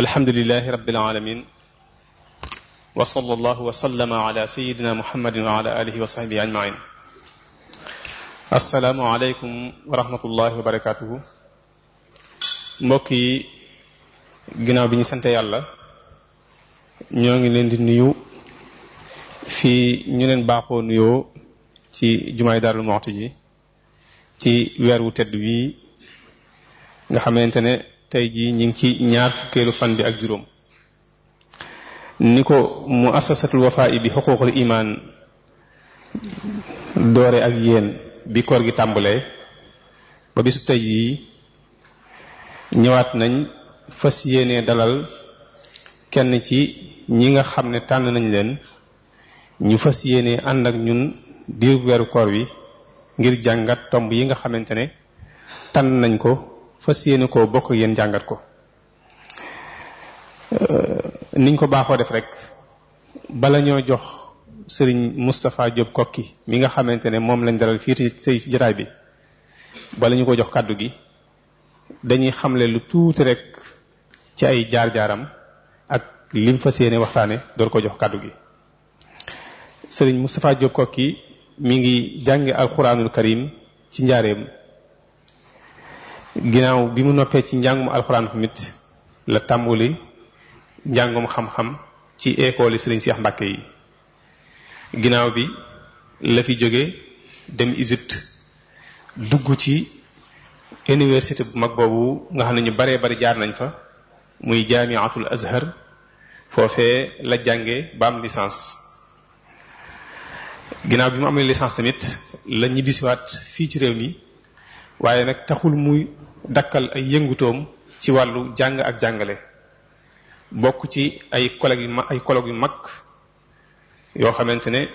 alhamdulilahi rabbil alamin wa sallallahu wa sallama ala sayidina muhammadin wa ala alihi wa sahbihi ajmain assalaamu aleykum yi ginnaaw bi ñu sant yàlla ñoo ngi leen di nuyu fii ñu leen baaxoo nuyoo ci jumaay Daarul Muxti ji ci weer wu tedd wii nga xamante ne tey jii ñu ngi ci ñaar fukkeelu fan bi ak juróom ni ko mu assasatul wafa'i bi xuququl iman doore ak yéen bi koor gi tàmbalee ba bisu tey jii ñëwaat nañ fas yéenee dalal kenn ci ñi nga xam ne tànn nañ leen ñu fas yéenee ànd ak ñun diir weeru koor wi ngir jàngat tomb yi nga xamante ne tànn nañ ko fas yéene ko bokk yéen jàngat ko euh, niñ ko baaxoo def rek bala ñoo jox sëriñ Moustapha Diop kokki mi nga xamante ne moom lañ daral fii ci jataay bi bala ñu ko jox kàddu gi dañuy xamle lu tuuti rek ci ay jaar-jaaram ak lim fas yéene waxtaane door ko jox kàddu gi sëriñ Moustapha Diop kokki mi ngi jànge alxuraanul karim ci njaareem ginnaaw bi mu noppee ci njàngum alxuraan tamit la tàmbuli njàngum xam-xam ci école yi Sëriñ Seex Mbàkke yi ginnaaw bi la fi jóge dem Égypte dugg ci université bu mag boobu nga xam ne ñu baree bari jaar nañ fa muy jaamiatul azhar foofe la jànge ba am licence ginnaaw bi mu amee licence tamit la ñibbisiwaat fii ci réew mi waaye nag taxul muy dakkal ay yëngutoom ci wàllu jàng ak jàngale bokk ci ay collègues yu yu mag yoo xamante ne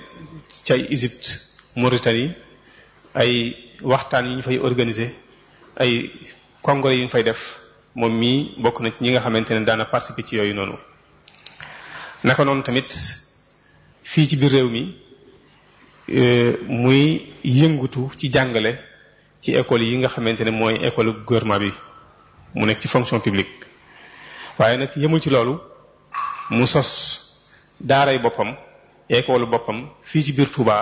ci ay Égypte Mauritanie ay waxtaan yu ñu fay organiser ay congrès yu ñu fay def moom mii bokk na ci ñi nga xamante ne daana participer ci yooyu noonu naka noonu tamit fii ci biir réew mi euh, muy yëngutu ci jàngale ci école yi nga xamante ne mooy école gouvernement bi mu nekk ci fonction publique waaye nag yemul ci loolu mu sos daaray boppam école boppam fii ci biir Touba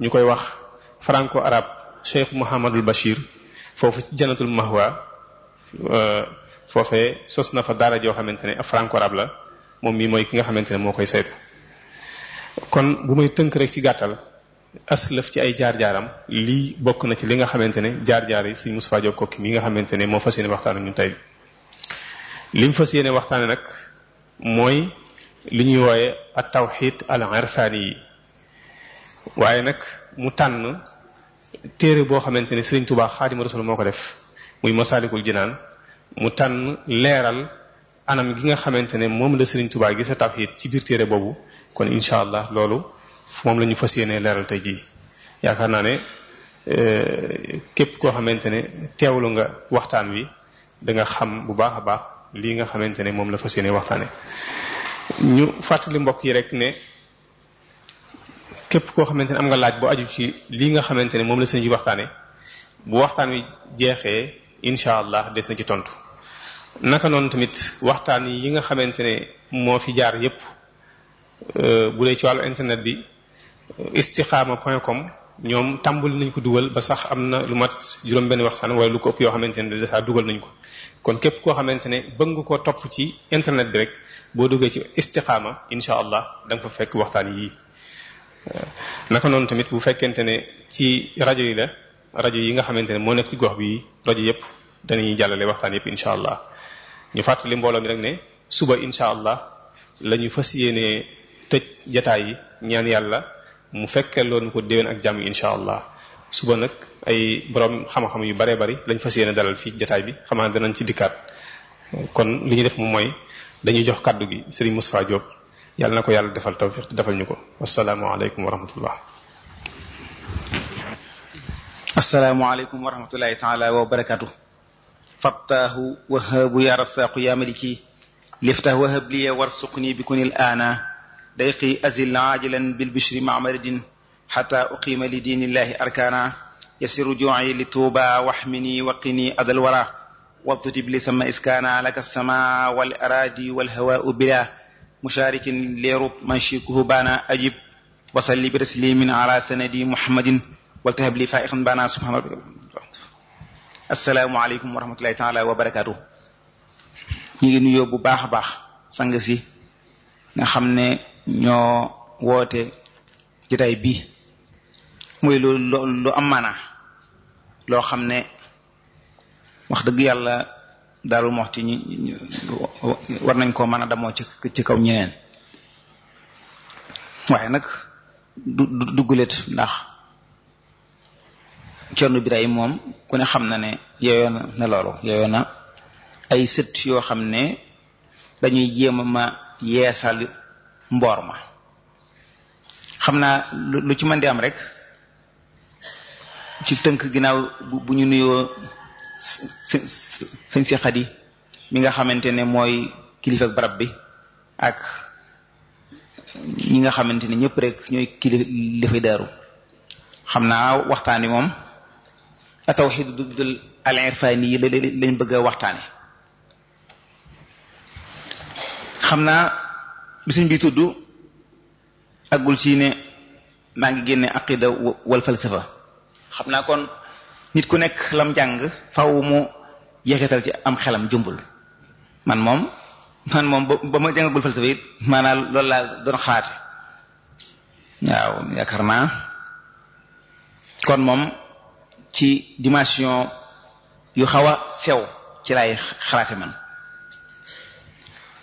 ñu koy wax franco arabe Cheikh Mouhamadul Bachir foofu ci janatul mahwa euh, foofe sos na fa daara joo xamante ne franco arabe la moom mii mooy ki nga xamante ne moo koy saytu kon bu may tënk rek ci gàttal aslëf ci ay jaar-jaaram lii bokk na ci li nga xamante ne jaar-jaar yi suñ Moustapha Diop Koki nga xamante ne moo fas yéene waxtaan ak ñun tey li mu fas yéene waxtaane nag mooy li ñuy wooye ak tawxid al irfani yi waaye nag mu tànn téere boo xamante ne Sëriñ Tuubaa Xaadimu Rasuul moo ko def muy Masaalikul Jinaan mu tànn leeral anam gi nga xamante ne moom la Sëriñ Tuubaa gisa tawxid ci biir téere boobu kon incha allah loolu moom la ñu fas yéene leeral tey jii yaakaar naa ne euh, képp koo xamante ne teewlu nga waxtaan wi danga xam bu baax a baax lii nga xamante ne moom la fas yéene waxtaane ñu fàttali mbokk yi rek ne képp koo xamante ne am nga laaj bu aju ci lii nga xamante ne moom la sëñ bi waxtaane bu waxtaan wi jeexee incha allah des na ci tontu naka noonu tamit waxtaan yi nga xamante ne moo fi jaar yépp euh, bu dee ci wàllu internet bi istiqaama point com ñoom tàmbali nañ ko dugal ba sax am na lu mat juróom-benn waxtaan wala lu ko ëpp yoo xamante ne déjà dugal nañ ko kon képp koo xamante ne bëgg nga koo topp ci internet bi rek boo duggee ci istiqaama incha allah da nga fa fekk waxtaan yii. Euh, naka noonu tamit bu fekkente ne ci rajo yi la rajo yi nga xamante ne moo nekk ci gox bi rajo yëpp danañuy jàllale waxtaan yëpp incha allah ñu fàttali mbooloo mi rek ne suba incha allah la ñu fas yéenee tëj jataay yi ñaan yàlla. mu fekkee loonu ko déwén ak jàmm incha allah suba nag ay borom xam yu bare bari lañ fas yéene dalal fii jotaay bi xam naa danañ ci dikkaat kon li ñuy def moom mooy dañuy jox kàddu gi Serigne Moustapha Diop na ko yàlla defal tawfiq defal ñu ko wasalaamualeykum wa rahmatullah. asalaamualeykum wa rahmatullahi taala wa barakaatu. fattaahu wahaabu ya rasaqu ya maliki liftah wahab bi kunil aana dayqi azil ajilan bil bishri mamaridin xata uqiima li diinillahi arkaana yasiru ju'i li tuuba waxmini waqini adal wara watutib li sama iskaana laka sama wal araadi wal hawaau bila mushaarikin leerub manchikuhu baana ajib wasalli bi taslimin ala sanadi muhammadin waltahab li faiqan baana subhana rabbika assalaamu aleykum wa rahmatullahi taala wa barakatuh ñu ngi nuyoo bu baax a baax sang si nga xam ne ñoo woote jotaay bii muy lu lu am maanaa loo xam ne wax dëgg yàlla Daaru Muxti ñi war nañ koo mën a damoo ci ci kaw ñeneen waaye nag du dugguleet ndax Cerno Birahim moom ku ne xam na ne yeyoon na loolu yeyoon ay sët yoo xam ne dañuy jéem yeesal mboor ma xam naa lu ci mën di am rek ci tënk ginnaaw bu ñu nuyoo sëñ si xadi mi nga xamante ne mooy kilifa barab bi ak ñi nga xamante ne ñëpp rek ñooy kilifa daaru xam naa waxtaan wi moom atawxid dudul al irfani yi lañ bëgg a waxtaane xam naa bisiñ bi tudd aggul ci ne maa ngi génne aqida wal falsafa xam naa kon nit ku nekk lam jàng faw mu yeexital ci am xelam jumbul man moom man moom ba ma jàngagul falsafa it maanaam loolu laa doon xalaat waaw yaakaar naa kon moom ci dimension yu xaw a sew ci laay xalaate man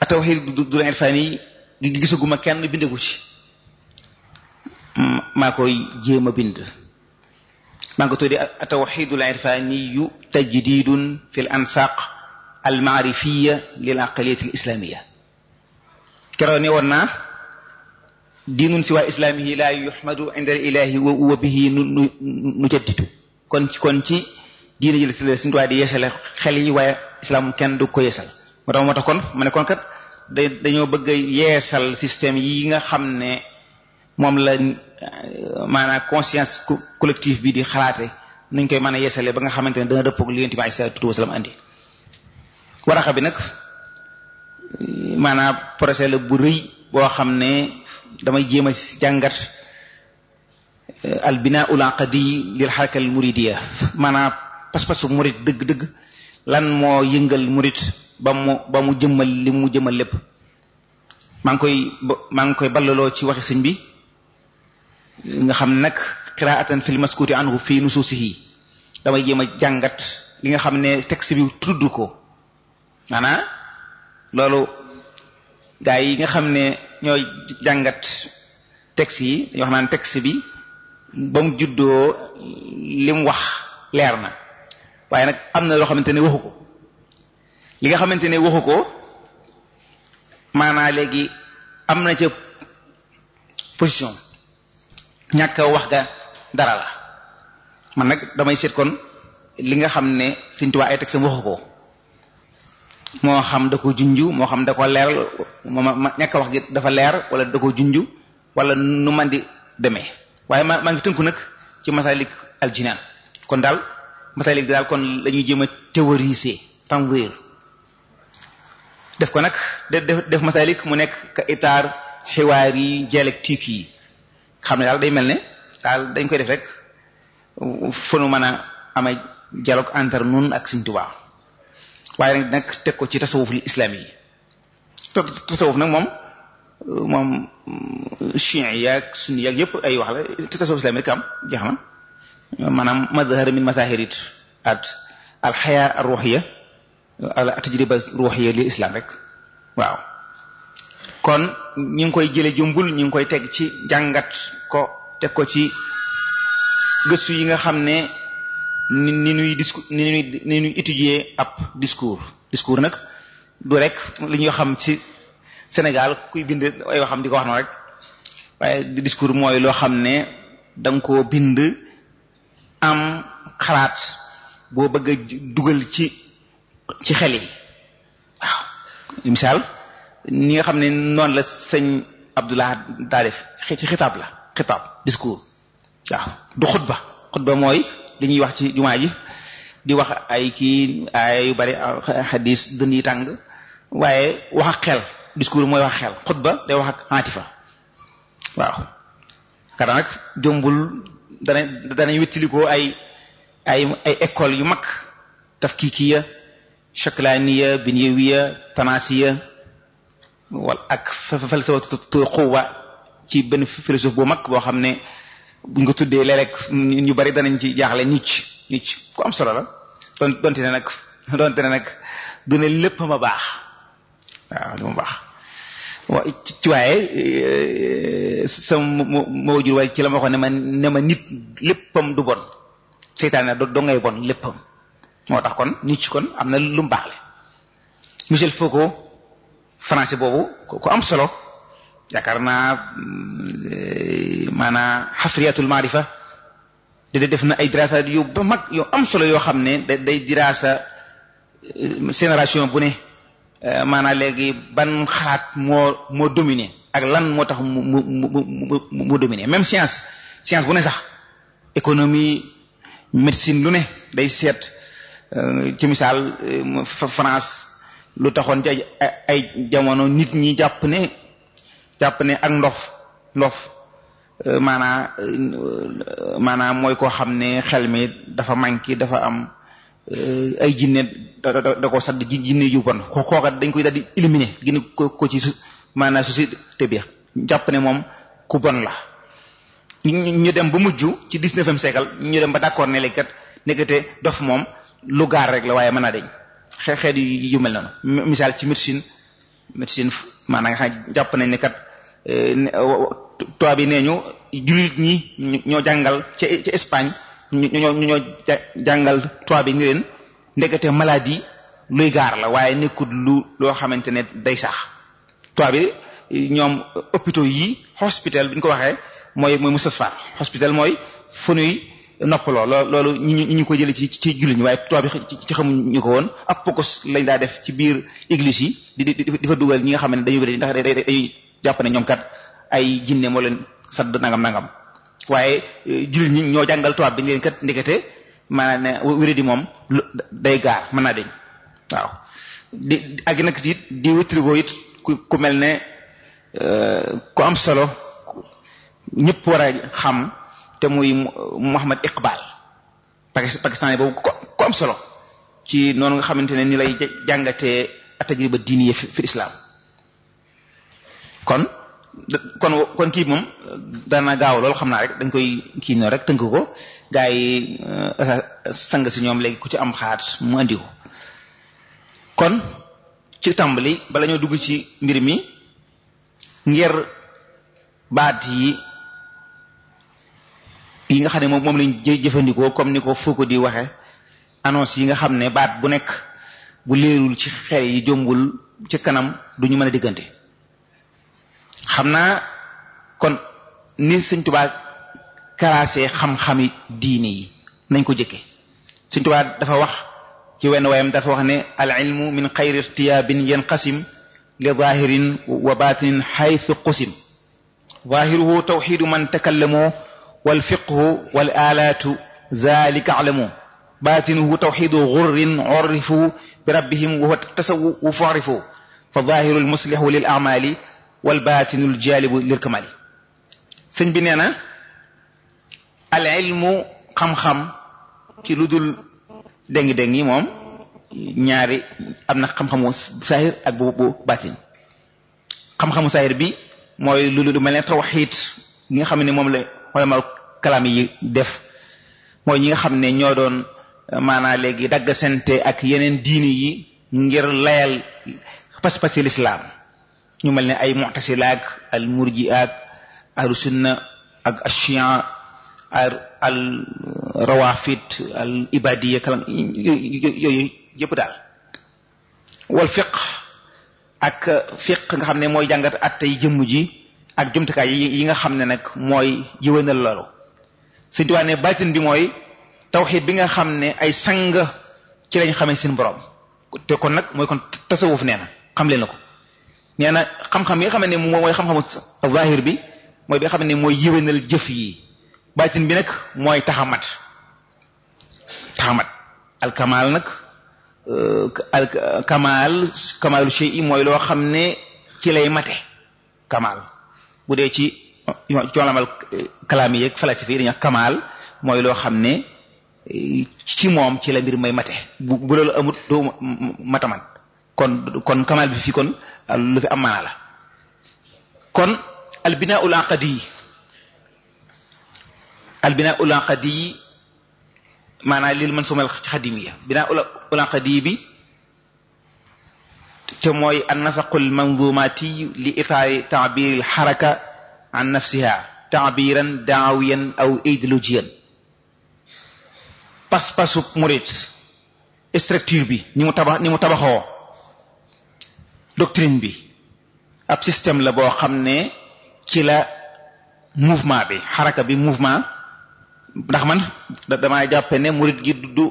atawxid du du irfani gisaguma kenn bindagu ci mm, maa koy jéem a bind maa ngi ko tuddee atawxidul irfaniyu tajdidun fi l ansaq al maarifiya lil aqaliyat al islamiya keroo ne woon naa diinun si waa islaamihi la yuhmadu inda al ilahi wa bihi nu nu jaddidu kon ci kon ci diina la suñu yeesale xel yi waaye islam kenn du ko yeesal moo tax ma ne kon kat dañoo bëgg a yeesal système yi nga xam ne moom la euh, maanaa conscience collective bi di xalaate nuñ koy mën a yeesalee ba nga xamante ne dana dëppoog li yonent bi alayhi salaatu wasalaam andi waraxa bi nag euh, maanaam projet la bu rëy boo xam ne damay jéem a jàngat euh, al binaa ul aqdi lil xaraka al muridiya maanaam pas-pasu murid dëgg-dëgg lan moo yëngal murit ba mu ba mu jëmmal li mu jëmmal lépp maa ngi koy maa ngi koy ballaloo ci waxi sëñ bi nga xam nag qiraatan fil maskuti anhu fii nususihi damay jéem a jàngat li nga xam ne texte bi tudd ko maanaam loolu gaa yi nga xam ne ñooy jàngat texte yi dañoo xam naan texte bi ba mu juddoo li wax leer na waaye nag am na loo xamante ne waxu ko li nga xamante ne waxu ko maanaa léegi am na ca position ñàkk wax ga dara la man nag damay seet kon li nga xam ne Sëriñ Tuubaa ay teg sam waxu ko moo xam da ko junju moo xam da ko leeral moom ñàkk wax gi dafa leer wala da ko junju wala nu man di demee waaye ma maa ngi tënku nag ci masalik aljinaan kon daal masalik daal kon la ñuy jëm a théoriser tanzir def ko nag def def masalik mu nekk ka itaar xiwaar yi dialectique yi xam ne daal day mel ne daal dañ koy def rek fu nu mën a amee dialogue entre nun ak Sëriñ Tuubaa waaye nag teg ko ci tasawuful islam yi tasawuf nag moom moom chiites yi ak sunni yi ak yëpp ay wax la tasawuf islam yi rek am jeex na maanaam mazhar min mazahirit at al xayaa al ruuxiya al tajriba ruuxiya lil islam rek waaw kon ñu ngi koy jële jumbul ñu ngi koy teg ci jàngat ko teg ko ci gëstu yi nga xam ne ni ni ñuy étudier ab discours discours nag du rek li ñuy xam ci Sénégal kuy bind ay waxam di ko wax na rek waaye discours mooy loo xam ne dang ko bind am xalaat boo bëgg a dugal ci ci xel yi waaw misaal ni nga xam ne noonu la sëñ Abdullah daa def ci xitaab la xitaab discours waaw du xutba xutba mooy li ñuy wax ci jumaa ji di wax ay kii ay yu bari xadis dën yi tàng waaye wax ak xel discours mooy wax ak xel xutba day wax ak antifa waaw. karena nag jombul danañ danañ wéttilikoo ay ay ay école yu mag tafkikiya shaklaniya binyawiya tanasiya wal ak falsafatu quwa ci benn philosophe bu mag boo xam ne bu nga tuddee léeg-léeg ñu bari danañ ci jaaxle Nietzsche Nietzsche ku am solo la don donte ne nag donte du ne lépp ma baax waaw li mu baax ci waaye eh, sama moo jur waaye ci la ma waxoon ne ma ne ma nit léppam du bon seytaane do ngay bon léppam moo tax kon nit ci kon am na lu mu baaxle Michel Foucault français boobu ku am solo yaakaar naa eh, maanaam xafriyatul maarifa de def na ay dirasa yu ba mag yu am solo yoo xam ne day dirasa sénération eh, bu ne Euh, maanaam léegi ban xalaat moo moo dominé ak lan moo tax mu mu mu mu dominé même science science bu ne sax économie médecine lu ne day seet euh, ci misaal euh, France lu taxoon ci ay jamono nit ñi jàpp ne jàpp ne ak ndof ndof maanaa maanaam mooy koo xam ne xel mi dafa manqué dafa am Eh, ay jinne da da ko sadd jinne yu bon ko kooka dañ koy daldi éliminer génne ko ko ci maanaam société bi jàpp ne moom ku bon la ñu ñu dem ba mujj ci dix-neuvième siècle ñu dem ba d'accord ne léegi kat nekkate dof moom lu rek la waaye mën naa deñ xeet misaal ci médecine médecine maanaam nga xam jàpp nañ ne kat eh, tubaab yi nee ñu jullit ñi ñoo jàngal ci Espagne ñu ñu ñu ñoo jàngal tubaab bi ni leen ndekete maladie luy gaar la waaye nekkul lu loo xamante ne day sax tubaab bi ñoom hôpitaux yi hospital bi ñu ko waxee mooy mooy mustasfa hospital mooy fu nuy noppaloo loolu ñu ñu ko jëlee ci ci jullit ñi waaye tubaab bi ci ñu ko woon ab pokos lañ daa def ci biir église yi di di di fa dugal ñi nga xam ne dañu wér ndax dañuy jàpp ne ñoom kat ay jinne moo leen sadd nangam nangam. waaye e, jullit ñi ñoo jàngal tubaab bi ngeen kat ndekete maanaam ne wéradi moom day gaar mën naa deñ waaw di ak it di wéttirigoo it ku ku mel ne e, ku am solo ñëpp war a xam te muy Muhammad Iqbal pakistani boobu ku am solo ci noonu nga xamante ne ni lay jàngatee at tajriba diiniya fi islam kon kon kon kii moom dana gaaw loolu xam naa rek dañ koy kii noonu rek tënk ko gaa yi euh, sang si ñoom léegi ku ci am xaat mu andi ko kon ci tàmbali bala ñoo dugg ci mbir mi ngir baat yi yi nga xam ne moom moom lañ jëfandikoo comme ni ko Foucault di waxe annonce yi nga xam ne baat bu nekk bu leerul ci xel yi jombul ci kanam duñu mën a diggante xam naa kon ni sëñ tubaa karaasee xam-xami diine yi nañ ko jëkke sëñ tubaa dafa wax ci wenn waayam dafa wax ne al ilmu min xayri irtiyaabin yanqasim li zahirin wa batinin xaytu qusim zahiruhu tawxidu man takallamoo wal fiqhu wal alaatu zalika alamoo batinuhu tawxidu gurrin orrifu bi rabbihim wa huwa tasawufu arifu fa zahiru almuslihu lil amali wal baatinul jaalibu lil kamali sëñ bi nee na al ilmu xam-xam ci lu dul déngi-déngi moom ñaari am na xam-xamu saahir ak bu bu xam-xamu saahir bi mooy lu lu mel ne tawxiid ñi nga xam ne moom la ulama kalaam yi def mooy ñi nga xam ne ñoo doon maanaa léegi dagg sente ak yeneen diini yi ngir layal pas-pasi lislaam ñu mel ne ay mu'tasilaak al murji'aak ahlu sunna ak ashiya al rawaafit al ibadiya yëpp daal wal fiq ak fiq nga xam ne mooy jàngat at tey jëmm ji ak jumtukaay yi nga xam ne nag mooy yëwénal loolu suñu tuwaa ne baatin bi mooy tawxid bi nga xam ne ay sang ci lañ xamee seen borom te kon nag mooy kon tasawuf nee na xam leen na ko nee na xam-xam yi nga xam ne moom mooy xam-xamu zahir bi mooy bi nga xam ne mooy yéwénal jëf yi baatin bi nag mooy taxamat taxamat alkamaal nag euh, al kamaal kamaalu shay'i mooy loo xam ne ci lay mate kamaal bu dee ci coolamal kalaam yi yeeg falasifa yi mooy loo xam ne euh, ci moom ci la mbir may mate bu bu loolu amut doo mataman kon kamaal bi fi kon lu fi am maanaa la kon albinaa ul aqadi albinaa ul aqadi maanaa lil man sumal xadimiya binaa ul aqadi bi te mooy an nasaqul manzumati li itaari taabiri xaraka an nafsiha taabiran daawiyan aw idéologiyan pas-pasub murit structure bi ni mu tabax ni tabaxoo doctrine bi ab système la boo xam ne ci la mouvement bi xaraka bi mouvement ndax man dama jàppe ne murid gi du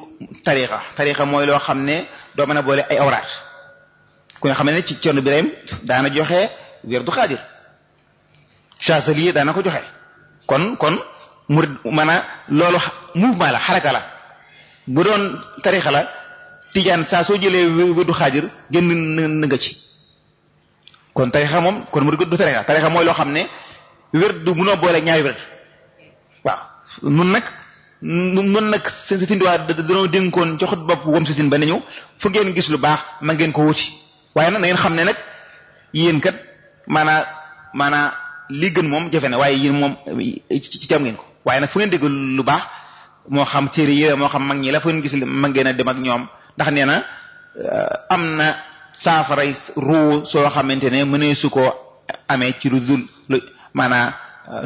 tarixa tarixa mooy loo xam ne doo mën a boole ay awraat ku xam ne ci Cerno Birahim daana joxe werdu xaadir Chazali daana ko joxe kon kon murid mën a loolu mouvement la xaraka la bu doon tarixa la tijaan saa soo jëlee werdu xaadir génn na nga ci kon tarixa moom kon mu du tarixa tarixa mooy loo xam ne wér du munoo boole ñaari wér waaw nun nag nun nag seen si sindiwaa danoo dénkoon koon xut bopp wom si sin ba ne ñu fu ngeen gis lu baax ma ngeen ko wuti waaye nag na ngeen xam ne nag yéen maanaa maanaa lii moom jafe na waaye yéen moom ci ngeen ko waaye nag fu ngeen lu baax moo xam téere yi moo xam mag ñi la fu ngeen gis mag ngeen a dem ak ñoom ndax nee na am na saafaray ruu soo xamante ne mënee su koo amee ci lu dul lu maanaam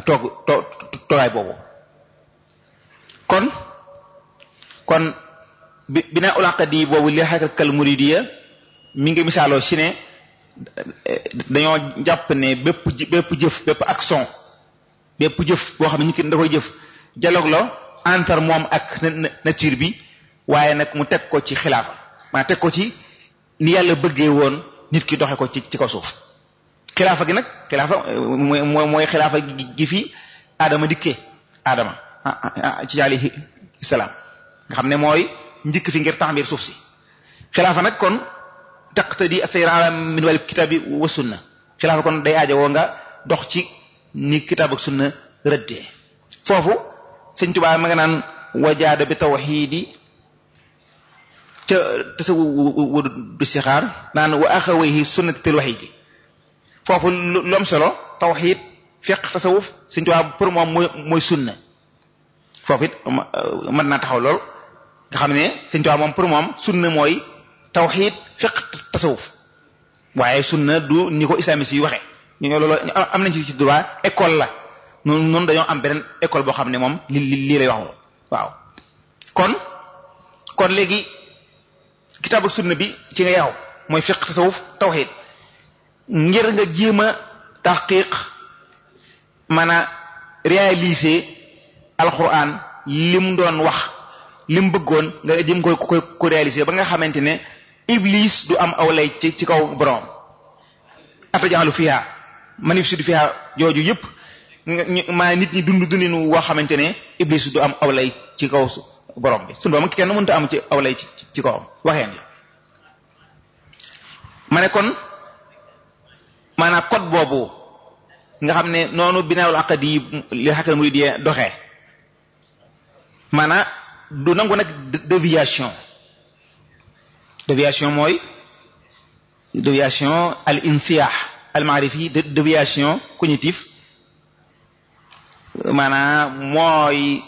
euh, boobu kon kon bi bina ulaqadi boobu li xakakal muridiya mi ngi misaaloo si ne dañoo jàpp ne bépp bépp jëf bépp action bépp jëf boo xam ne nit ki koy jëf dialogue la entre moom ak nature bi waaye nag mu teg ko ci xilaafa maa teg ko ci ni yàlla bëggee woon nit ki doxe ko ci ci ko suuf xilaafa gi nag xilaafa eh, mooy mooy xilaafa gi fi aadama dikkee aadama ah, ah, ah, ci alayhi salaam nga xam ne mooy njëkk fi ngir taxmir suuf si xilaafa nag kon taqtadi as-sayr ala min wal kitaabi wa sunna xilaafa kon day aajo nga dox ci ni kitaab sunna rëddee foofu sëñ Tuubaa ma nga naan wajaada bi tawxiidi ca te sa wadu du sixaar naan wa axawayhi sunnatil wahid foofu lu am solo tawxiid fiqh tasawuf suñu tubaab pour moom mooy mooy sunna foofu it euh, mën naa taxaw lool nga xam ne suñu tubaab moom pour moom sunna mooy tawxiid fiqh tasawuf waaye sunna du ni ko islamistes yi waxee ñu loolu am nañ ci ci droit école la noonu noonu dañoo am beneen école boo xam ne moom li li lii lay wax waaw kon kon léegi kitaabul sunna bi ci nga yaw mooy fiqh tasawuf tawxiid ngir nga jéem a taxqiq mën a réaliser alquran lim doon wax lim bëggoon nga jëm koy koy ko réaliser ba nga xamante ne iblis du am aw lay ci kaw borom atajaxalu fiha manif sud fiha jooju yëpp maa nit ñi dund dundinu woo xamante ne iblis du am aw lay ci kaw suuf borom bi suñu borom kenn mënta am ci aw lay ci ci kawam waxeen la ma ne kon maanaam code boobu nga xam ne noonu binaawul aqd yi li xakkal murid yi doxee maanaam du nangu nag déviation déviation mooy déviation al insiyah al maarifi déviation cognitive maanaam mooy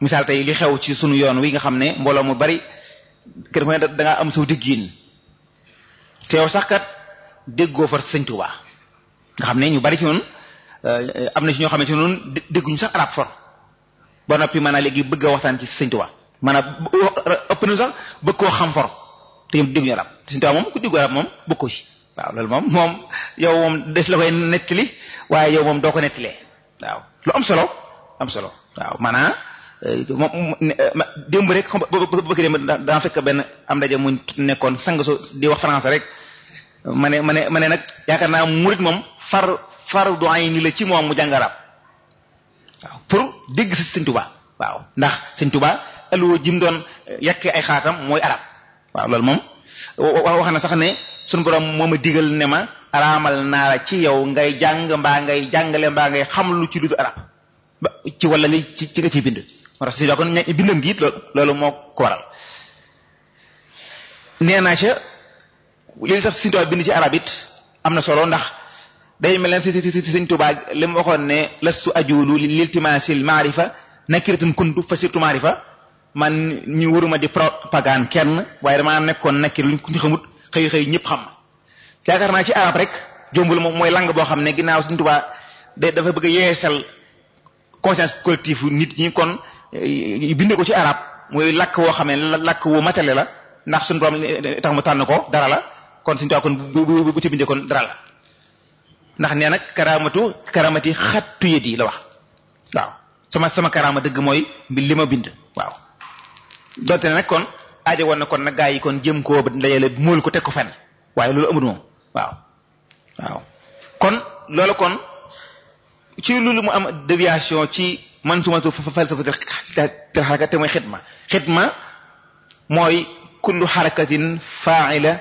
misaal tey li xew ci sunu yoon wi nga xam ne mbooloo mu bari kenn ku ne da am saw diggiin te yow sax kat déggoo far sëñ nga xam ne ñu bari ci noonu eh, am na ci ñoo xamante ne noonu dégguñu ba noppi maanaam léegi bëgg a waxtaan ci sëñ Tuubaa maanaam na sax bëgg koo xam for te ñoom dégguñu arab moom ku déggu moom moom yow moom des la koy nettali waaye yow moom doo ko nettalee waaw lu am solo am solo waaw maanaam Euh, moom euh, démb rek xam bëgg démb daa fekk benn am ndaje mu nekkoon sang so di wax français rek ma ne ma ne ma ne nag yaakaar naa murid moom far far doyen ni la ci moom mu jàng arab waaw pour dégg si waaw ndax Sëñ Tuubaa alluwa jim euh, ay xaatam mooy arab waaw loolu moom wax na sax ne suñu borom moo ma digal ne ma araamal naa ci yow ngay jàng mbaa ngay jàngale mbaa ngay xam lu ci ludu arab ci wala ngay ci nga ciy bind moo tax si doo ko bindam gi it loolu moo ko waral nee naa ca li tax si bind ci arab it am na solo ndax day mel ne si si si Sëñ Tuubaa li mu waxoon ne lastu ajulu a maarifa nakiratan kuntu fa sirtu maarifa man ñu waruma di propagande kenn waaye damaa nekkoon nakir luñ ko xamut xëy xëy ñëpp xam yaakaar naa ci arab rek jombul mooy lang boo xam ne ginnaaw Sëñ Tuubaa day dafa bëgg a yeesal conscience collective nit ñi kon binde ko ci arab mooy làkk woo xam ne làkk woo matale la ndax suñu borom tax mu tànn ko dara la kon suñu kon bu bu ci bindee kon dara la ndax nee nag karamatu karamati xattu yët di la wax waaw sama sama karama dëgg mooy li ma bind waaw donte ne nag kon aajo woon na kon nag gaa yi kon jëm koo dajale mool ko teg ko fen waaye loolu amut moom waaw waaw kon loolu kon ci loolu mu am déviation ci man sumatu falsafatul xaraka te mooy xitma xitma mooy kullu xarakatin faila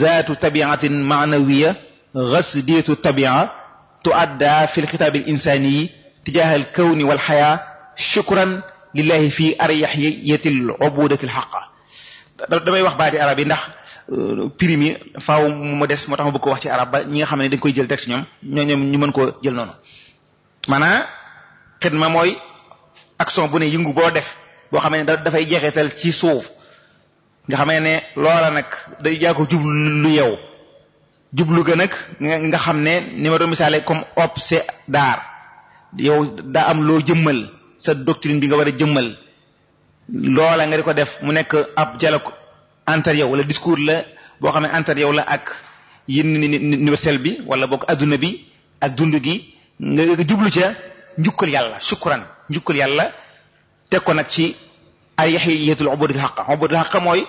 zaatu tabiatin maanawiya gasdiyatu tabia tuadda fi lxitaabi al insaniyi tijaha al kawni wal xayaa shukran lillahi fi aryaxiyati l ubudati l xaqa damay wax baati arab yi ndax euh, prix mi faaw mu des moo tax ma bëgg ko wax ci arab ba ñi nga xam ne dañ koy jël teg ci ñoom ñoo ñoom ñu mën koo jël noonu xidma mooy action bu ne yëngu boo def boo xam ne dafay jeexital ci suuf nga xamee ne loola nag day jaa jublu yow jublu ga nag nga xam ne ni ma doon misaale comme op se daar yow daa am loo jëmmal sa doctrine bi nga war a jëmmal loola nga di ko def mu nekk ab dialogue entre yow wala discours la boo xam ne entre yow la ak yenn universel bi wala boog adduna bi ak dund gi nga jublu ca njukkal yàlla shukran njukkal yàlla teg ko nag ci ay yahiyatul ubudil haqqa ubudil haqqa mooy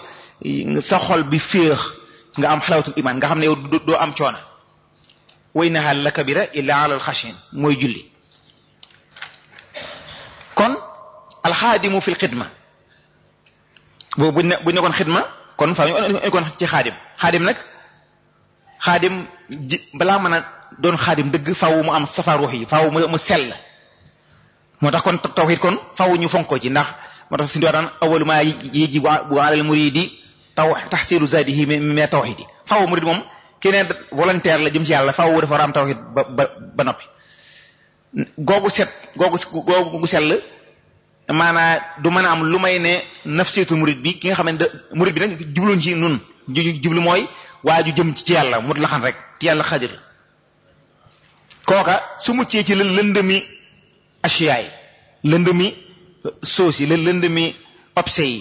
sa xol bi féex nga am xalawatul nga xam ne yow doo am coono wa innaha la kabira illa ala alxashin mooy julli kon alxaadimu fi lxidma boobu buñ ne buñ xidma kon fa ñu kon ci xaadim xaadim nag xaadim balaa mën doon xaadim dëgg faw mu am safa yi faaw mu sell moo tax kon tawhid kon faw ñu fonko ci ndax moo tax suñu daan awwalu ma yajibu alal muridi taw tahsilu zadihi min tawhidi faw murid moom keneen volontaire la jëm ci yàlla faw dafa war a am tawhid ba ba ba noppi googu set googu googu sell maanaa du mën a am lu may ne nafsiyatul murid bi ki nga xam ne murid bi nag jubluñ ci nun jublu mooy waa ju jëm ci yàlla mu laxan rek ci yàlla xadir kooka su muccee ci lëndëmi ashiyaay lëndëmi soos yi la lëndëmi obse yi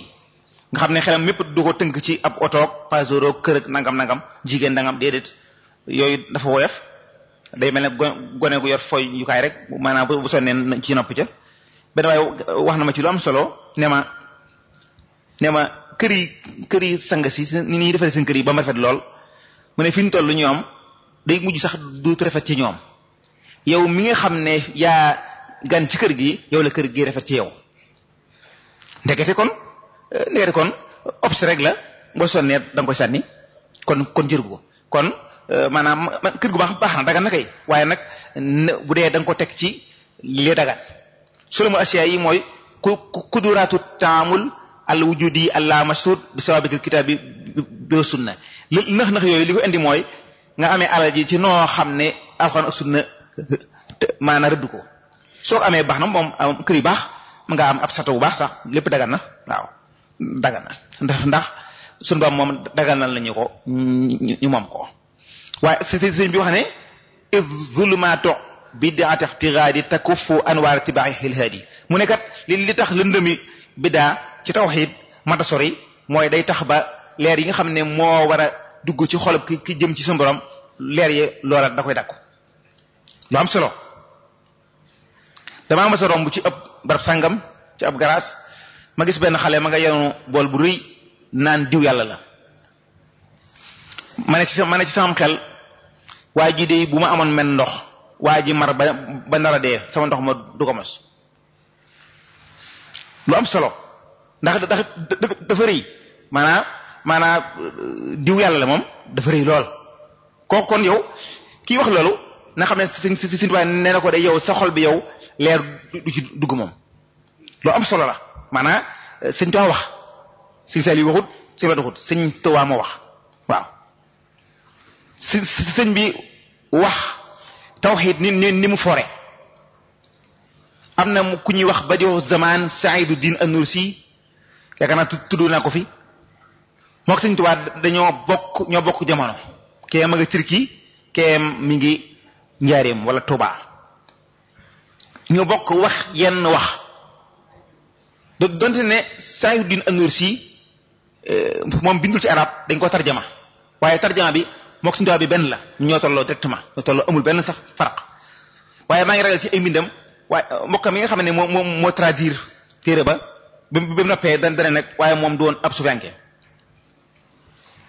nga xam ne xelam mépp du ko tënk ci ab otoog pasoroog kër ak nangam nangam jigéen dangam déedéet yooyu dafa woyof day mel ne gone gu yor fooy yukaay rek maanaam bu sonnee ci nopp ca benn wax na ma ci lu solo nee ma ne ma kër yi kër yi sang si ni ñuy defaree seen kër yi ba mu rafet lool mu ne fi ñu toll ñoom day mujj sax du rafet ci ñoom yow mi nga xam ne yaa gan ci kër gi yow la kër gi rafet ci yow ndekete kon euh, ndekete kon obs rek la boo sonnee da nga koy sànni kon kon jërgu ko kon euh, maanaam kër gu baax baax na dagan na kay waaye nag bu dee da ko teg ci li dagan solo mu asiya yi mooy ku kuduraatu taamul al wujudi allah masud bi sawaabikil kitaab bi bi sunna li nax nax yooyu li ko indi mooy nga amee alal ji ci noo xam ne alxuraan ak na maanaa rëdd ko soo amee baax na moom am kër baax mën ngaa am ab sato bu baax sax lépp dagan na waaw dagan na ndax ndax suñu doom moom daganal nañu ko ñu moom ko waaye sëñ bi wax ne iz zulumatu bidaat ixtiraadi takuffu anwaar tibaaxi xilhaadi mu ne kat li li tax lëndëmi bidaa ci tawxiid mata sori mooy day tax ba leer yi nga xam ne moo war a dugg ci xolub ki jëm ci suñu borom leer yi loola da koy dakku lu am solo damaa mas a romb ci ab barab sàngam ci ab garaas ma gis benn xale ma nga yenu bool bu rëy naan diw yàlla la ma ne ci ma ne ci sama xel waa de bu ma amoon men ndox waa ji mar ba ba nar ndox ma du ko mos lu am solo ndax ndax dafa rëy maanaa maanaa diw yàlla la moom dafa rëy lool kooku kon yow kii wax loolu na xam ne si si si nee na ko de yow sa xol bi yow leer du dugg moom lu am solo la maanaam euh, sëñ Tuubaa wax sëñ Saliou waxut sëñ Bada waxut sëñ Tuubaa moo wax waaw si bi wax tawxiid ni ni ni mu foore am na ku ñuy wax Badiou Zaman Saïdu Din An-Nursi yaakaar naa tudd naa ko fi wax ko sëñ Tuubaa dañoo bokk ñoo bokk jamono kee ma nga kee mi ngi njaareem wala Tuubaa ñu bokk wax yenn wax do donte ne Sayyiduddin An-Nursi euh, moom bindul ci arab dañ ko tarjama waaye tarjama bi mook sintuwaa bi benn la ñoo tolloo directement ñoo tolloo amul benn sax faraq waaye maa ngi ragal ci ay mbindam waaye euh, mbokkam yi nga xam ne moom moo moo traduire téere ba ba mu noppee da dana nag waaye moom du ab sufiyanke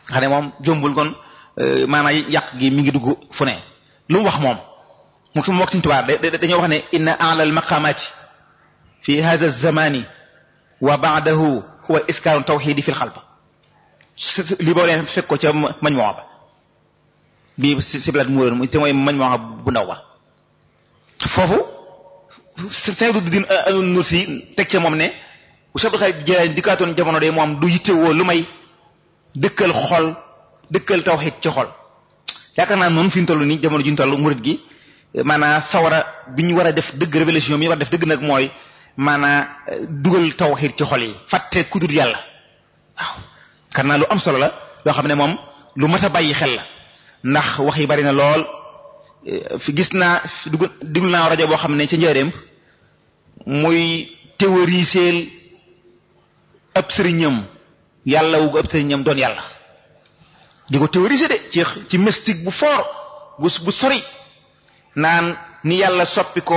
nga moom jombul kon euh, maanaam yàq gi mi ngi dugg fu ne lu wax moom mu su mu wax Sëriñ Tuubaa dañoo wax ne inna alal maqaamaati fi hadha zamani wa ba'dahu huwa iskaaru tawxiidi fil xalb li boo leen fekk ko ca mañ moo ba bii siblaat muuroon te mooy mañ moo bu ndaw ba foofu Saydu Diin Nursi teg ca moom ne bu Cheikh Abdul Xaadir Jilaani dikkaatoon jamono de moom du yittewoo lu may dëkkal xol dëkkal tawxiid ci xol yaakaar naa noonu fi ñu toll nii jamono ji ñu murit gi maanaa sawara bi ñu war a def dëgg révélation bi ñu def dëgg nag mooy maanaa eh, dugal tawxiid ci xol yi fàtte kudur yàlla waaw kan lu am solo la loo xam ne moom lu mat a bàyyi xel la ndax wax yi bari na lool eh, fi gis naa dugg diglu naa rajo boo xam ne ca njëreem muy théoriseel ab sëriñam yàlla wu ab sëriñam doon yàlla di ko théoriser de ci ci bu fort bu sori naan ni yàlla soppi ko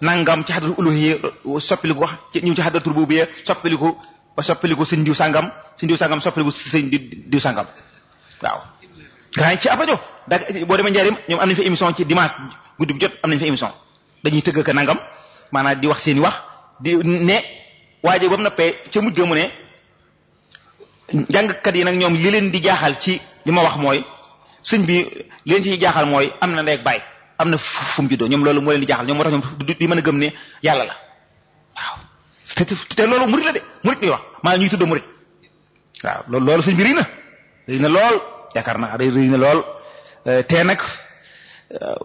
nangam ci xadatul uluhiyya soppiliku wax ci ñëw ci xadatul rububiyya soppiliku ba soppiliku sëñ diw sàngam sëñ diw sàngam soppiliku sëñ diw sàngam waaw grand ci abajo da boo demee njaarim ñoom am nañu fa émission ci dimanche guddi bu jot am nañu fa émission dañuy tëgg ka nangam maanaam di wax seen i wax di ne waaje ba mu noppee ca mujj ga mu ne jàngkat yi nag ñoom li leen di jaaxal ci li ma wax mooy sëñ bi li leen ci jaaxal mooy am na ndeeg bàyyi am na fu mu juddoo ñoom loolu moo leen di jaaxal ñoom moo tax ñoom di mën a gëm ne yàlla la waaw te te loolu murit la de murit ngay wax maa ñuy tudd murit waaw loolu loolu sëñ bi na lool yaakaar na lool euh, nag euh,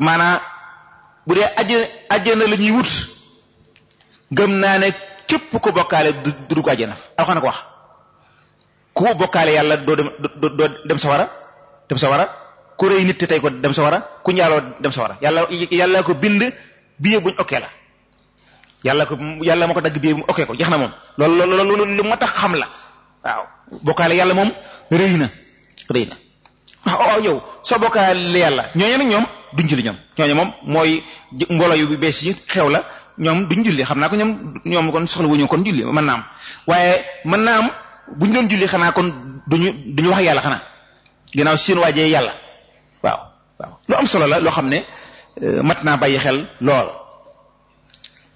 maanaa bu dee ajj ajjana wut gëm naa ne képp ko bokkaale du dugg ajjana alxaana ko wax ku bokkaale yàlla doo dem doo dem sawara dem sawara ku rëy nit te tey ko dem sa war ku njaaloo dem sa war a yàlla yàlla ko bind billet buñ okkee la yàlla ko yàlla moo ko dagg billet mu okkee ko jeex na moom loolu loolu lu ma tax xam la waaw bokkaale yàlla moom na rëy na ah yow soo bokkaale yàlla ñooñu nag ñoom duñ julli ñoom ñooñu moom mooy mbooloo yu bees yi xew la ñoom duñ julli xam naa ko ñoom ñoom kon soxla wuñu kon julli mën naa waaye mën naa am buñ doon julli xanaa kon duñu duñu wax yàlla xanaa ginnaaw seen waajee yàlla lu am solo la loo xam ne euh, mat naa bàyyi xel lool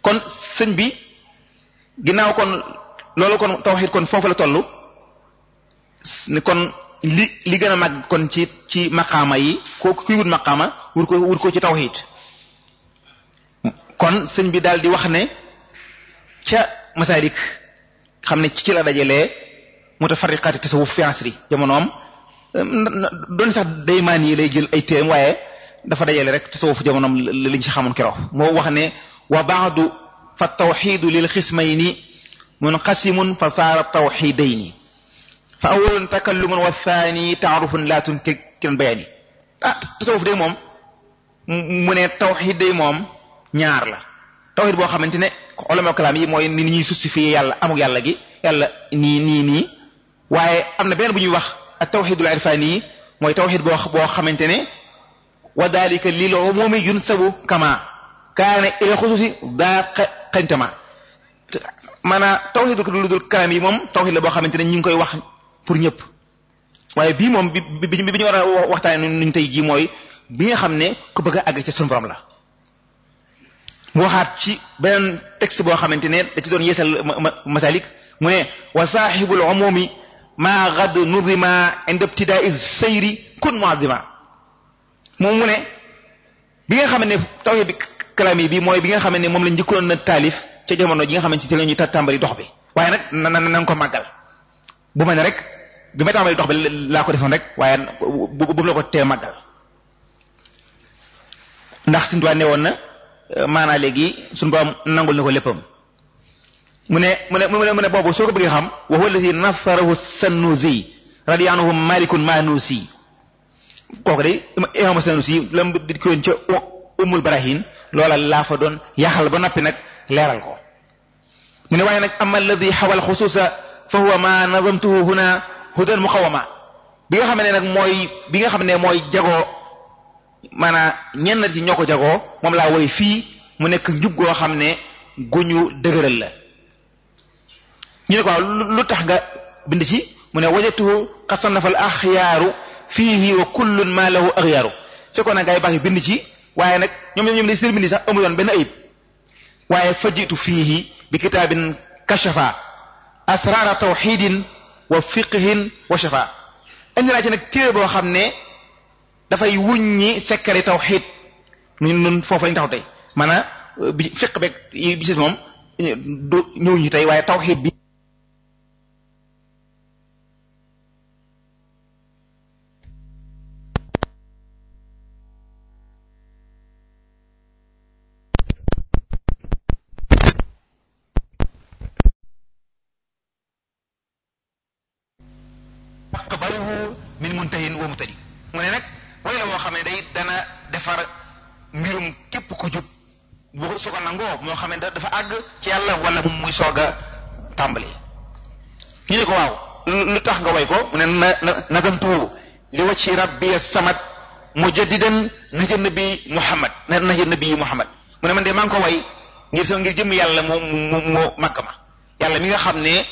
kon sëñ bi ginnaaw kon loolu kon tawxiid kon foofu la toll kon li li gën a mag kon ci ci maqaama yi ko kuy wut maqaama wut ko wut ko ci tawxiid kon sëñ bi daal di wax ne ca masaalik xam ne ci la dajalee mutafarriqaati tasawuf fi asri jamonoom doon sax daymaan yi lay jël ay téereem waaye dafa dajale rek tasawuf jamonoom liñ ci xamoon keroog moo wax ne wa baadu fa tawxidu lil xismayni munqasimun fa saara tawxidayni fa awalun takallumun wa thani taarufun laa tunti kiran bayani ah tasawuf day moom mu ne tawxid day moom ñaar la tawxid boo xamante ne ulama kalaam yi mooy ni ñuy yàlla amul yàlla gi yàlla nii nii nii waaye am na benn bu ñuy wax a tawxidul irfani yi mooy tawxid boo boo xamante ne wa dalika lil umumi yunsabu kama kaane ila xusuusi daa xantama maanaam tawxidul ko lu dul kalam yi moom tawxid la boo xamante ne ñu ngi koy wax pour ñëpp waaye bii moom bi bi bi ñu war a waxtaanee nuñ tey jii mooy bi nga xam ne ku bëgg a àgg ci sunu borom la. mu waxaat ci beneen texte boo xamante ne da ci doon yeesal masalik mu ne wa saaxibul umumi maa xad nudima inda ibtidaai sayri kun muazima moom mu ne bi nga xam ne bi kalami bi mooy bi nga xam ne moom la njëkkoon na taalif ca jamono ji nga xamante ci la ñuy tàmbali dox bi waaye nag na na nga ko màggal bu ma ne rek bi may tàmbali dox bi laa ko defoon rek waaye bu bu la ko tee màggal ndax suñu tubaab woon na maanaa léegi suñu borom nangul na ko léppam mu ne mu ne mu ne boobu soo ko bëggee xam wa huwa allazi nasarahu sannusi radiya anhu malikun manusi kooku de imam sannusi lam di ko yoon ca umul barahin loola laa fa doon yaxal ba noppi nag leeral ko mu ne waaye nag ama alladi xawal xusuusa fa huwa ma nazamtuhu huna hudan muqawama bi nga xam ne nag mooy bi nga xam ne mooy jagoo maanaam ñenn ci ñoo ko jagoo moom laa woy fii mu nekk njub goo xam ne ñu dëgëral la ñu ne ko lu tax nga bind ci mu ne wajatuhu xasanafal axyaaru fiihi wa kullun ma lahu axyaaru fekkoon na gaa baax bind ci waaye nag ñoom ñoom li seen bind sax amuloon benn ayib waaye fajitu fiihi bi kitaabin kashafa asraara tawxidin wa fiqhin boo xam ne dafay wuññi sekkari tawxid ñun ñun foofu lañ taxaw tey maanaam bi fiq beeg yi moom du tey waaye tawxid bi mbugal su ko nangoo moo xam ne dafa àgg ci yàlla wala muy soog a tàmbali ñu ne ko waaw lu tax nga way ko mu ne na nagam tuuru li wacci rabbi samat mujaddidan naja nabi muhammad naja nabi muhammad mu ne man de maa ngi ko way ngir sama ngir jëm yàlla moo moo moo màgg ma yàlla mi nga xam ne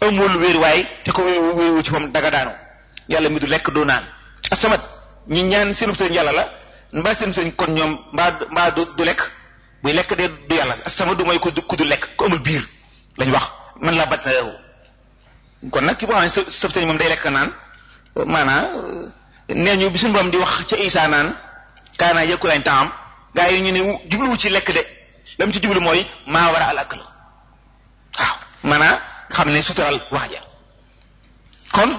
amul waay te ko wéeru ci moom daga daanu yàlla mi du lekk doo naan asamat ñi ñaan seenub sëriñ yàlla la mbaa seenub sëriñ kon ñoom mbaa mbaa du lekk buy lekk de du yàlla sama du mooy ku lekk ku amul biir lañ wax man laa bat na kon nag ki boo xam ne sa sëftañ maanaa nee ñu bi suñu di wax ca Isaa naan kaanaa ñu ne jubluwu ci lekk de ci jublu mooy maa war a al akk la waaw maanaa wax ja kon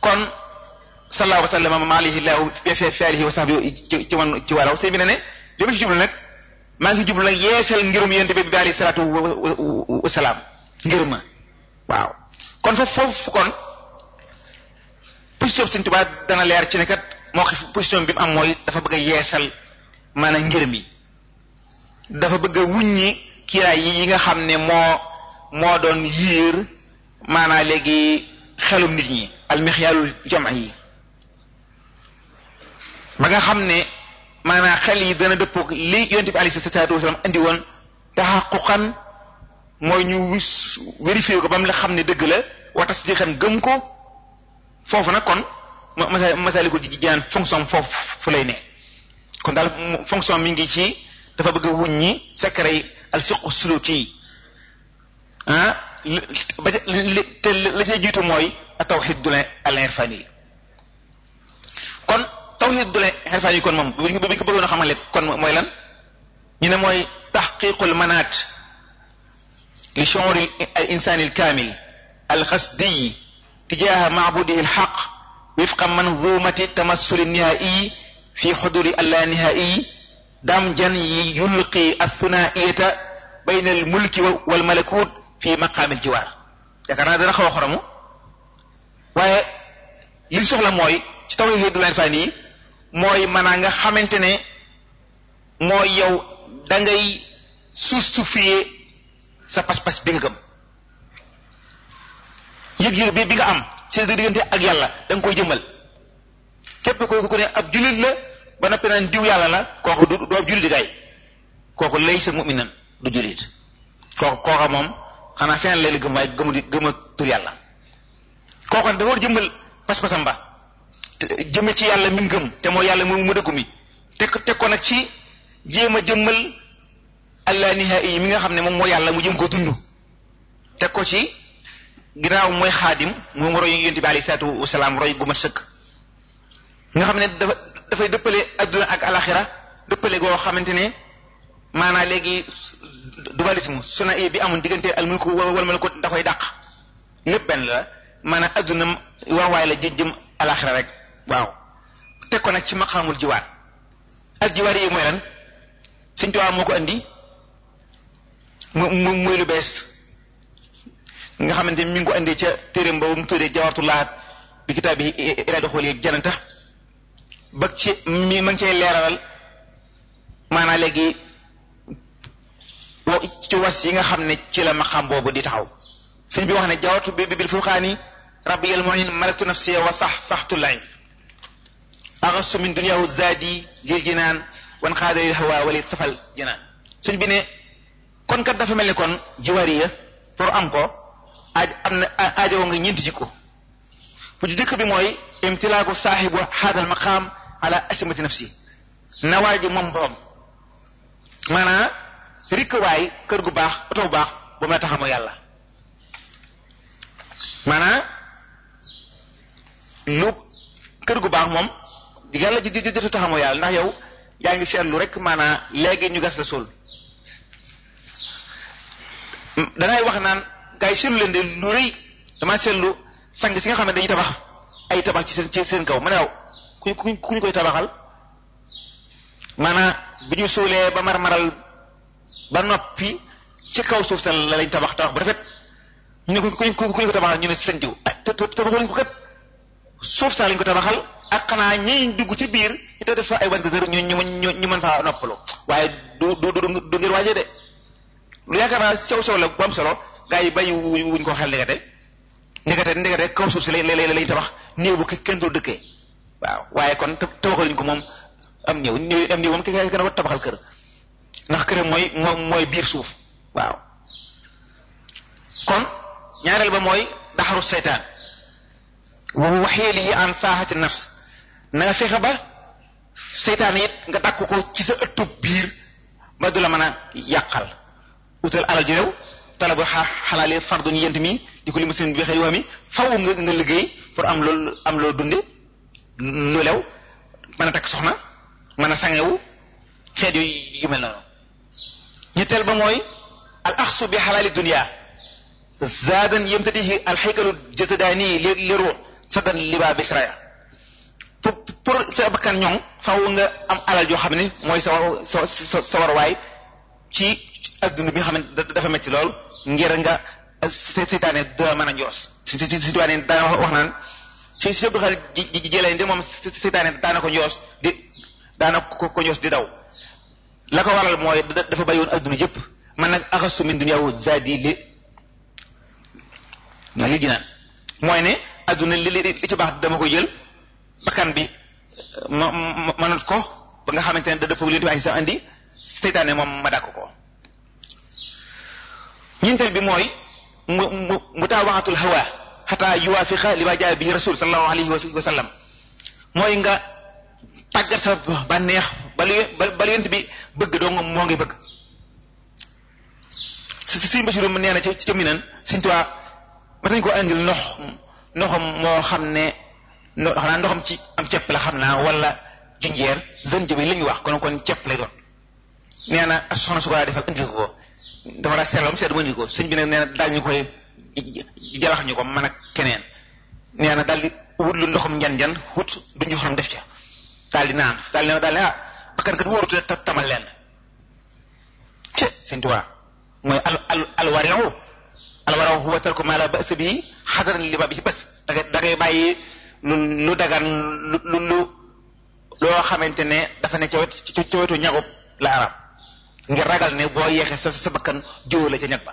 kon sallallahu alayhi wa sallam fi alihi wa sahbi ci wan ci wàllaw bi ne ne li ci jublu nag maa ngi jublu na yeesal ngirum yonent bi bi alayhi salaatu wasalaam ngir ma waaw kon foofu foofu kon position bi Sëriñ Tuubaa dana leer ci ne kat moo xam position bi mu am mooy dafa bëgg a yeesal maanaam ngir mi dafa bëgg a wuññi kiiraay yi nga xam ne moo moo doon yiir maanaa léegi xelum nit ñi almixyaalul jam yi ba nga xam ne maanaam xel yi dana dëppoog li yonent bi alayhi salaatu wasalaam andi woon taxaquqan mooy ñu vérifié ko ba mu la xam ne dëgg la wa tasdiqan gëm ko foofu nag kon masa masaalikul jinaan fonction foofu fu lay ne kon daal fonction mi ngi ci dafa bëgg a wuññi secret yi al fiqh suluki ah ba te la cay jiitu mooy at tawxid al irfani tawhid bu le xerfaan yi kon moom bu ñu ko bëggoon a xamale kon mooy lan ñu ne mooy taxqiqul manaat li shu'uri al insaani al kaamil al xasdi tijaaha maabudihi al xaq wifqa manzumati tamassuli nihaa'i fi xuduri alla nihaa'i damjan yulqi athunaiyata bayna al mulki wal malakut fi maqaamil jiwaar yaakaar naa dana xaw a xoromu waaye li soxla mooy ci tawhid al irfaan yi mooy maanaa nga xamante ne moo yow da ngay justifier sa pas-pas bi nga gëm yëg-yëg bi bi nga am seen diggante ak yàlla da nga koy jëmmal képp ko ku ne ab jullit la ba noppi naan diw yàlla la kooku du du ab jullit gaay kooku lay sa mu'minan du jullit kooku kooka moom xanaa feneen lay la gëm waaye gëm a tur yàlla kooku dafa war jëmmal pas-pasam ba jëme ci yàlla mi ngëm te moo yàlla moomu mu dëggu mi te teg ko nag ci jéem a jëmmal allah nihai mi nga xam ne moom moo yàlla mu jëm ko dund teg ko ci ginnaaw mooy xaadim moom roy yonent bi alayhi salaatu wasalaam roy sëkk nga xam ne dafa dafay dëppale adduna ak alaxira dëppale goo xamante ne maanaa léegi dualisme suna bi amul diggante almulku wal malku da koy dàq lépp benn la maanaam adduna waawaay la jëm jëm alaxira rek waaw teg ko nag ci maqaamul jiwaar al jiwaar yi mooy lan Sëñ Tuubaa moo ko indi mu mu lu bees nga xamante mi ngi ko andi ca téereem ba mu tuddee jawartu laat bi kitaab bi iraada xool yeeg jananta ba ci mi ma ngi cay leeralal maanaa léegi ci was yi nga xam ne ci la maqaam boobu di taxaw sëñ bi wax ne jawartu bi bil furqaani rabbi yal muhin malaktu nafsiya wa sax saxtu layn axasu min duniyaahu zaadi lil jinaan wan xaada lil hawa wali safal jinaan suñ bi ne kon kat dafa mel ni kon jiwaariya pour am ko aaj am na aajowoo ñeenti jikko bu ci dëkk bi mooy imtilaaku saaxibu haadal maqaam ala asimati nafsi nawaa ji moom borom maanaa rikk waay kër gu baax oto bu baax bu ma taxamoo yàlla maanaa lu kër gu baax moom di yàlla ji di jotu taxamu yàlla ndax yow yaa ngi seetlu rek maanaa léegi ñu gas la suul danaay wax naan gars yi seetlu leen de lu dama damaa seetlu sang si nga xam ne dañuy tabax ay tabax ci seen ci seen kaw ma ne waaw ku ku ku ñu koy tabaxal maanaa bi ñu suulee ba mar marmaral ba noppi ci kaw suuf sa la lañ tabax tabax bu rafet ñu ne ku ku ñu ko tabaxal ñu ne seen jiw ah te ko kat suuf sa lañ ko tabaxal. ak xanaa ñi dugg ci biir ay vingt heures ñu ñu ñu ñu mën faa noppalu waaye du du du ngir waajee de lu yaakaar naa sew sew la bu am solo gars yi bàyyi wuñ ko xel ndekete ndekete ndekete kaw suuf si lay lay lay tabax néew bu kenn du dëkkee waaw waaye kon tabaxaluñ ko moom am néew am néew moom ki nga gën tabaxal kër ndax kër mooy mooy biir suuf waaw kon ñaareel ba mooy daxaru seytaan wa waxeeli yi an saaxati nafs na nga fexe ba seytaane it nga dàkk ko ci sa ëttub biir ba du la mën a yàqal utal alal ju réew talabu xalaale fardu ñu yent mi di ko li muslim bi xëy waa mi faw nga liggéey pour am lool am loo dunde lu lew mën a takk soxna mën a sangewu xeet yu mel noonu ñetteel ba mooy al axsu bi xalaali dunia zaadan yemtadihi alxaykalu jasadaani li ruux sadan libaa bisraya pour pour sa bakkan ñoŋ faaw nga am alal yoo xam ne mooy sa sa sa ci ak bi xam ne dafa metti lool ngir nga seytaane da mën a njoos. si si si daanaka daanaka wax naan si si xel ji ji jëlee ndi moom seytaane daana ko njoos di daana ko di daw la ko waral mooy dafa bàyyi woon adduna yëpp man nag axasu min duniyaawu zaadi li nga li jinaan mooy ne adduna li li li ci baax dama ko jël. bakkan bi manut ko ba nga xamante ne da dëppoo yonent bi alayhi salaam andi seytaane moom ma dàkk ko ñeenteel bi mooy mu mu mutaawaxatul hawa xataa yuwaafiqa li ma jaa bihi rasul sallallahu alayhi wa sallam mooy nga tàggat sa bànneex bi bëgg doo nga moo ngi bëgg si si si Basiru minan Sëriñ Tuubaa ma tañ ko andil nox noxam moo xam ne no xanaa ndoxam ci am cepp la xam naa wala junjeer zanjabil bi li ñu wax kon kon cepp lay doon nee na soxna su daa defal indil ko dafa daa seetlu am seetlu ma indil ko sëñ bi nag nee na ñu koy jalax ñu ko man ak keneen nee na daal di wut lu ndoxam njan-njan wut du ñu xorom def ca daal di naan daal di ne daal di ne ah bakkan kat wóorut ne tamal leen ci sëñ Tuubaa mooy al al alwariwu alwariwu huwa tarku maa laa ba'sa bihi hadaran li baabihi bas da ngay da ngay bàyyi. lu lu dagan lu lu loo xamante ne dafa ne ca wet ca wetu ñagub la arab ngir ragal ne boo yeexee sa sa bakkan jóo la ca ñag ba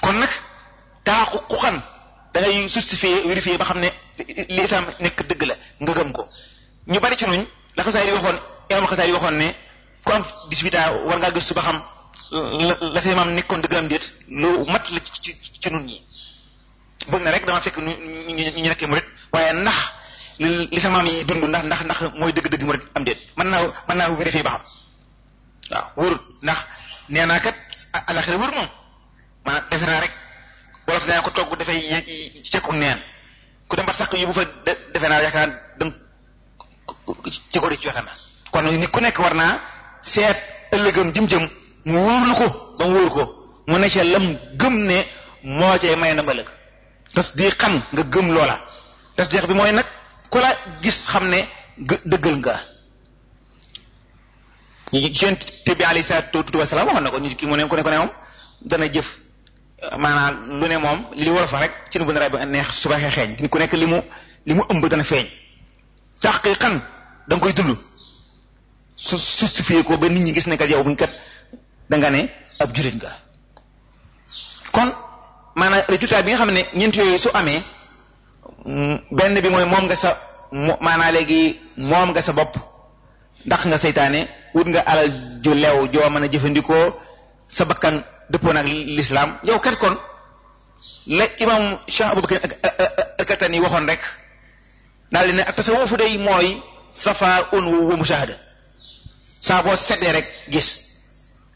kon nag taaxu xuxan da ngay justifier vérifier xam ne li islam nekk dëgg la nga ko ñu bari ci nuñ la xasaay yi waxoon imaam waxoon ne ku am 18 war ngaa gëstu ba xam la la maam nekkoon dëgg déet lu mat la ci ci nun ñi bëgg na rek dama fekk ñu ñu ñu nekkee murit waaye ndax li sama maam yi dund ndax ndax ndax mooy dëgg-dëgg murit am déet man naa mën naa vérifier ba xam waaw wóorut ndax nee naa kat àlaxira wóor moom maanaam defe naa rek wolof nee ko togg dafay cekkum neen ku dem ba sàq yi bu fa defe naa yaakaar da nga ci ko ci kon nit ku nekk war naa seet ëllëgam jëm-jëm mu wóorlu ko ba mu wóor ko mu ne lam gëm ne moo cay may na ëllëg tasdiqan nga gëm loola tasdiq bi mooy nag ku la gis xam ne dëggal nga ñu seen te bi alayhi salaatu wasalaam waxoon na ko ñu ki mu ne ko ne moom dana jëf maanaam lu ne moom li wolof rek ci nu bu nar a neex suba xeexeeñ ku nekk li mu li mu ëmb dana feeñ taqiqan da nga koy dund su justifié ko ba nit ñi gis ne kat bu buñ kat da nga ne ak jullit nga kon maanaam résultat bi nga xam ne ñeent yooyu su amee mm, benn bi mooy moom nga sa maanaa léegi moom nga sa bopp ndax nga seytaane wut nga alal ju lew joo mën a jëfandikoo sa bakkan dëppoon ak lislaam yow kat kon la imam Cheikh Abubakar al-Katani waxoon rek daal di ne ak tasawufu mooy safa un wu mushahada saa seddee rek gis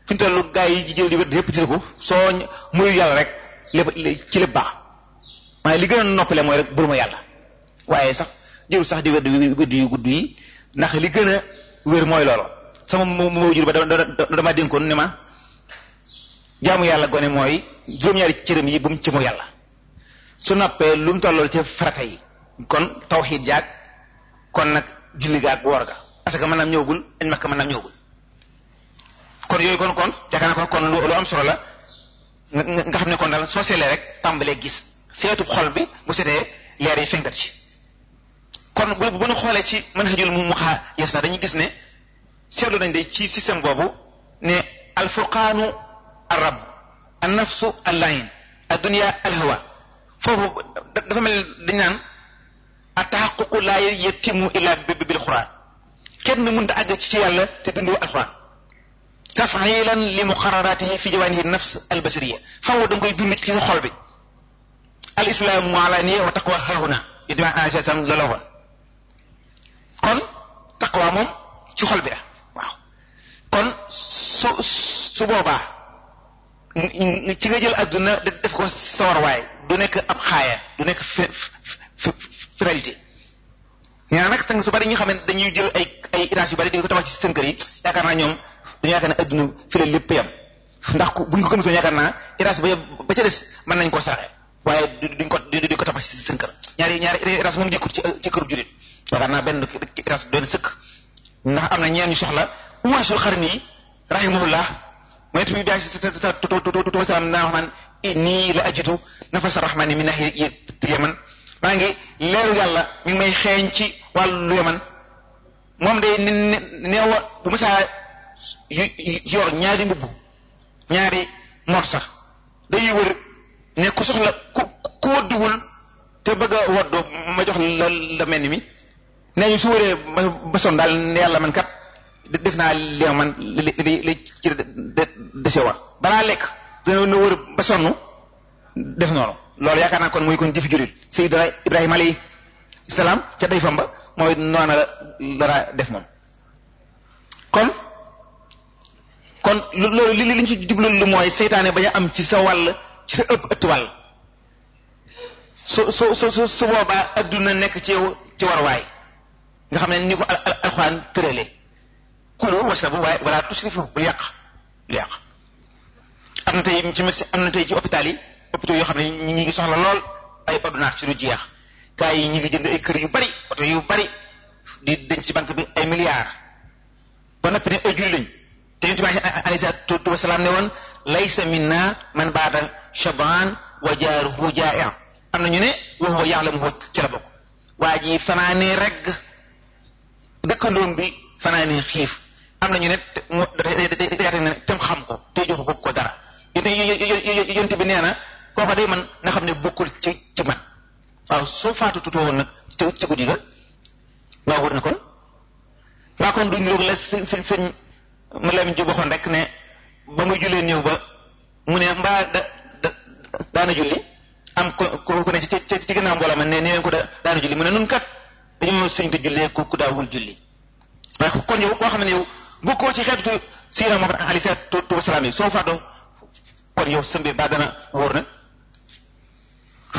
fi gaa yi jël di wér di répété ko soo muyu yàlla rek lépp ci lépp baax maanaam li gën a noppale mooy rek bëruma yàlla waaye sax jëru sax di wedd wedd yu gudd yi ndax li gën a wér mooy loolu sama moo jur ba dama dénkoon ne ma jaamu yàlla gone mooy juróom-ñaari cërëm yi bu mu ci mu yàlla su noppee lu mu tollool ci farata yi kon tawxiid jaag kon nag julli gaag woor ga parce que maanaam ñëwagul añ makka maanaam ñëwagul kon yooyu kon kon yaakaar kon lu am solo la nga xam ne kon daal soo seetlee rek tàmbalee gis seetub xol bi bu seetee leer yi fenkat ci kon bu bu ñu xoolee ci mën xajul mu muxaa yes na dañuy gis ne seetlu nañ de ci système boobu ne alfurqaanu arab an nafsu allayin addunia alhawa foofu dafa mel dañ naan a taxaququ laa yetimu illa bi bil xuraan kenn mënta àgg ci yàlla te dindiwu alxuraan taf'ilan li muqarraratihi fi jawaanihi nafs al basariya faw da nga koy dund ci sa xol bi al islaamu alaaniya wa taqwa hahuna idma ansasam loola waxoon kon taqwa bi la su boobaa ci nga jël adduna def ko sawar waaye du nekk ab xaaya du nekk finalité na nag sang su bari ñu xam ne dañuy jël ay ay étage yu bari di ko tabax ci seen kër yi yaakaar naa ñoom dañu yaakaar ne adduna fi la lépp yam ndax ku buñ ko gëmutoon yaakaar naa iras ba ba ca des mën nañ ko saraxe waaye duñ ko ko tabax si ñaari iras moom jëkkut ci ci kër julit yaakaar benn sëkk ndax am na ñeen ñu soxla uwaasul xarni yi rahimahullah mooy tu bi si sa tututututu salaam naa wax naan nii la ajitu nafasa rahmani min nahi yaman maa ngi leeru yàlla mi may xeeñ ci wàllu yaman moom day neewa bu masaa yu ñaari mbubb ñaari morsa dañuy wër ne ku soxla ku ku wëdduwul te bëgg a woddu ma jox la la mel ni mi nee ñu su wëree ba son daal ne yàlla man kat def naa li man li lekk dana na wër ba sonn def noonu loolu yaakaar naa kon muy kon jëfi jurit Seydina Ibrahima alayhi salaam ca day fam ba mooy noona la dara def moom kon kon loolu li li ñu ci jublu lu mooy seytaane bañ a am ci sa wàll ci sa ëpp ëtt wàll su su su su adduna nekk ci yow ci warwaay nga xam ne ni ko alxuraan tëralee kulu washrabu waaye wala tusrifu bul yàq lu yàq am na tey ci am na tey ci hôpital yi hôpitaux yoo xam ne ñi ngi soxla lool ay ordonnance ci lu jeex gars yi ñi ngi jënd ay kër yu bari oto yu bari di denc ci banque bi ay milliards ba noppi ne ay julli te yonent bi alayhi salaatu wasalaam ne woon laysa minna man baada shaban wa jaaruhu jaa'i am na ñu ne wa huwa ya'lamuhu ci la bokk waa ji fanaane regg dëkkandoom bi fanaane xiif am na ñu ne mu yaate ne xam ko te joxu ko ko dara yonent bi nee na kooka day nga xam ne bokkul ci ci man waaw soo faatu tutoo kon waa kon duñ loog la seen seen ma Lamin ju waxoon rek ne ba mu julee ñëw ba mu ne mbaa da da daana julli am ko ko ne ci ci ci ginnaaw mbooloo ma ne nee ko da daana julli mu ne nun kat dañoo sëñ bi jullee ku ku daawul julli waaye kon yow koo xam ne yow bokkoo ci xeetu siira soo fàddoo kon yow ba dana wóor na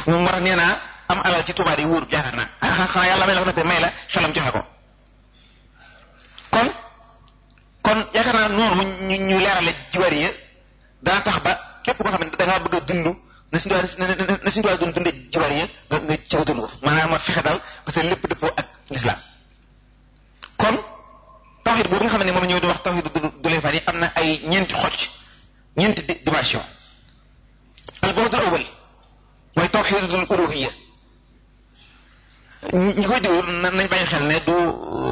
moom nee naa am alal ci tubaab yi wóor jaakaar ah, ah, naa yàlla may la xelam joxe ko kon yaakaar naa noonu ñu ñu leerale jiwaari ya daa tax ba képp koo xam ne da ngaa bëgg a dund na suñu na suñu doon dundee jiwaari ya nga nga ca dund ko maanaam ma fexe daal parce que lépp dëppoo ak l'islam kon tawxid boobu nga xam ne moom la ñu wax tawxid du lefaan yi am na ay ñeenti xoj ñeenti dimension al bu'd al awwal mooy tawxidul uluhiyya ñi koy diwul nañ bàyyi xel ne du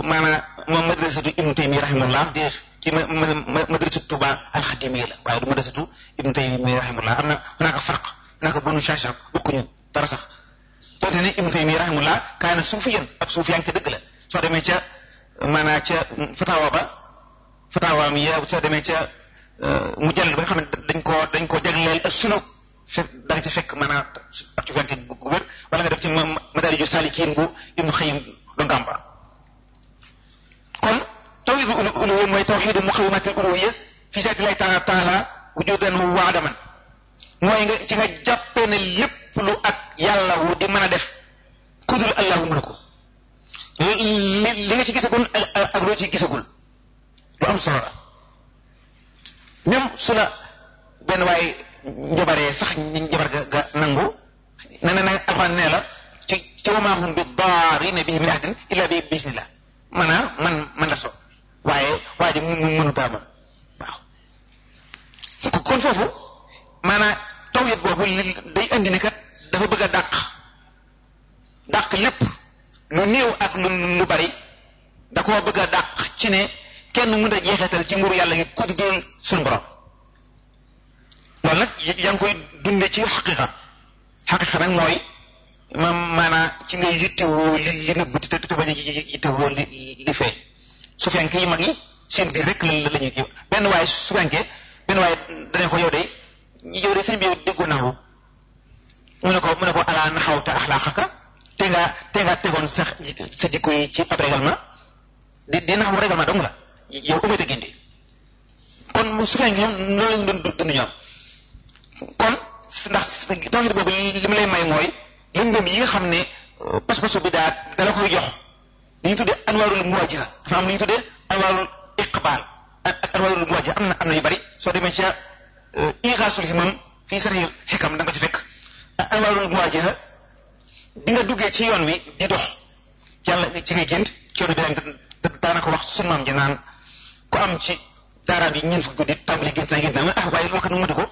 maanaam moom madrasatu ibnu taymi rahimahullah di ci ma ma madrasatu tuba alxadimiya la waaye du madrasatu ibnu taymi rahimahullah am na hunaka farq hunaka bunu shashab bokkuñu dara sax donte ne ibnu taymi rahimahullah kaana suufiyan ab suufiyan te dëgg la soo demee ca maanaam ca fatawa ba fatawaam ya soo demee ca euh, mujallad ba nga xam ne dañ koo dañ koo jagleel as-suluk fekk da nga ci fekk mën a actualité bu wér wala nga def ci madaariju saalikiin bu Ibnu Xayyim do ngàmba kon tawxiidu uluhiyya mooy tawxiidu muqawimatil uluhiyya fi zaati llaahi taala wujudan wa adaman mooy nga ci nga jàppee ne lépp lu ak yàlla wu di mën a def kudul allahu mënu ko li li nga ci gisagul ak loo ci gisagul lu am solo la su la benn waaye njabaree sax njabar ga ga nangu nee na nag alxuraan nee la ci ci wa maa hum bi daarina bihi min ahadin bi bisnillah maanaam man man la so waaye waa ji mu mënu dara moom waaw kon foofu maanaam taw yet boobu li day indi ni dafa bëgg a dàq dàq lépp lu néew ak lu lu bari da koo bëgg a dàq ci ne kenn mën a jeexetal ci nguuru yàlla gi ku dul suñu loolu nag yaa ngi koy dunde ci xaqiqa xaqiqa nag mooy ma maanaa ci ngay yittewoo li li nëbb te te bañ a yittewoo li li feeñ su fenkee yi mag yi seen biir rek la benn waaye su fenkee benn waaye danañ ko yow de yow de sëñ bi yow déggu naaw mu ne ko mu ne ko alaa naxaw te axlaaxaka te nga te nga tegoon sax sa jikko yi ci ab règlement di di naxaw règlement dong la yow umate gindi kon su fenkee ñoom noonu lañ doon dund kon ndax tawhid boobu li mu lay may mooy yëngam yi nga xam ne euh, pas-pasu bi daa dala koy jox li ñu tuddee anwaarul muwajiza dafa am li ñu tuddee anwaarul iqbaal ak am na am na yu bari soo demee ca euh, iqaasul himam fii sarhi xikam da nga ci fekk ak anwaarul muwajiza bi nga duggee ci yoon wi di dox yàlla ci ngay gént ci yoon bi daanaka daanaka wax sunu maam ji naan ku am ci daaraam yi ñeent fukki ko tàmbali gént naa gént naa ah waaye lu ma matu ko.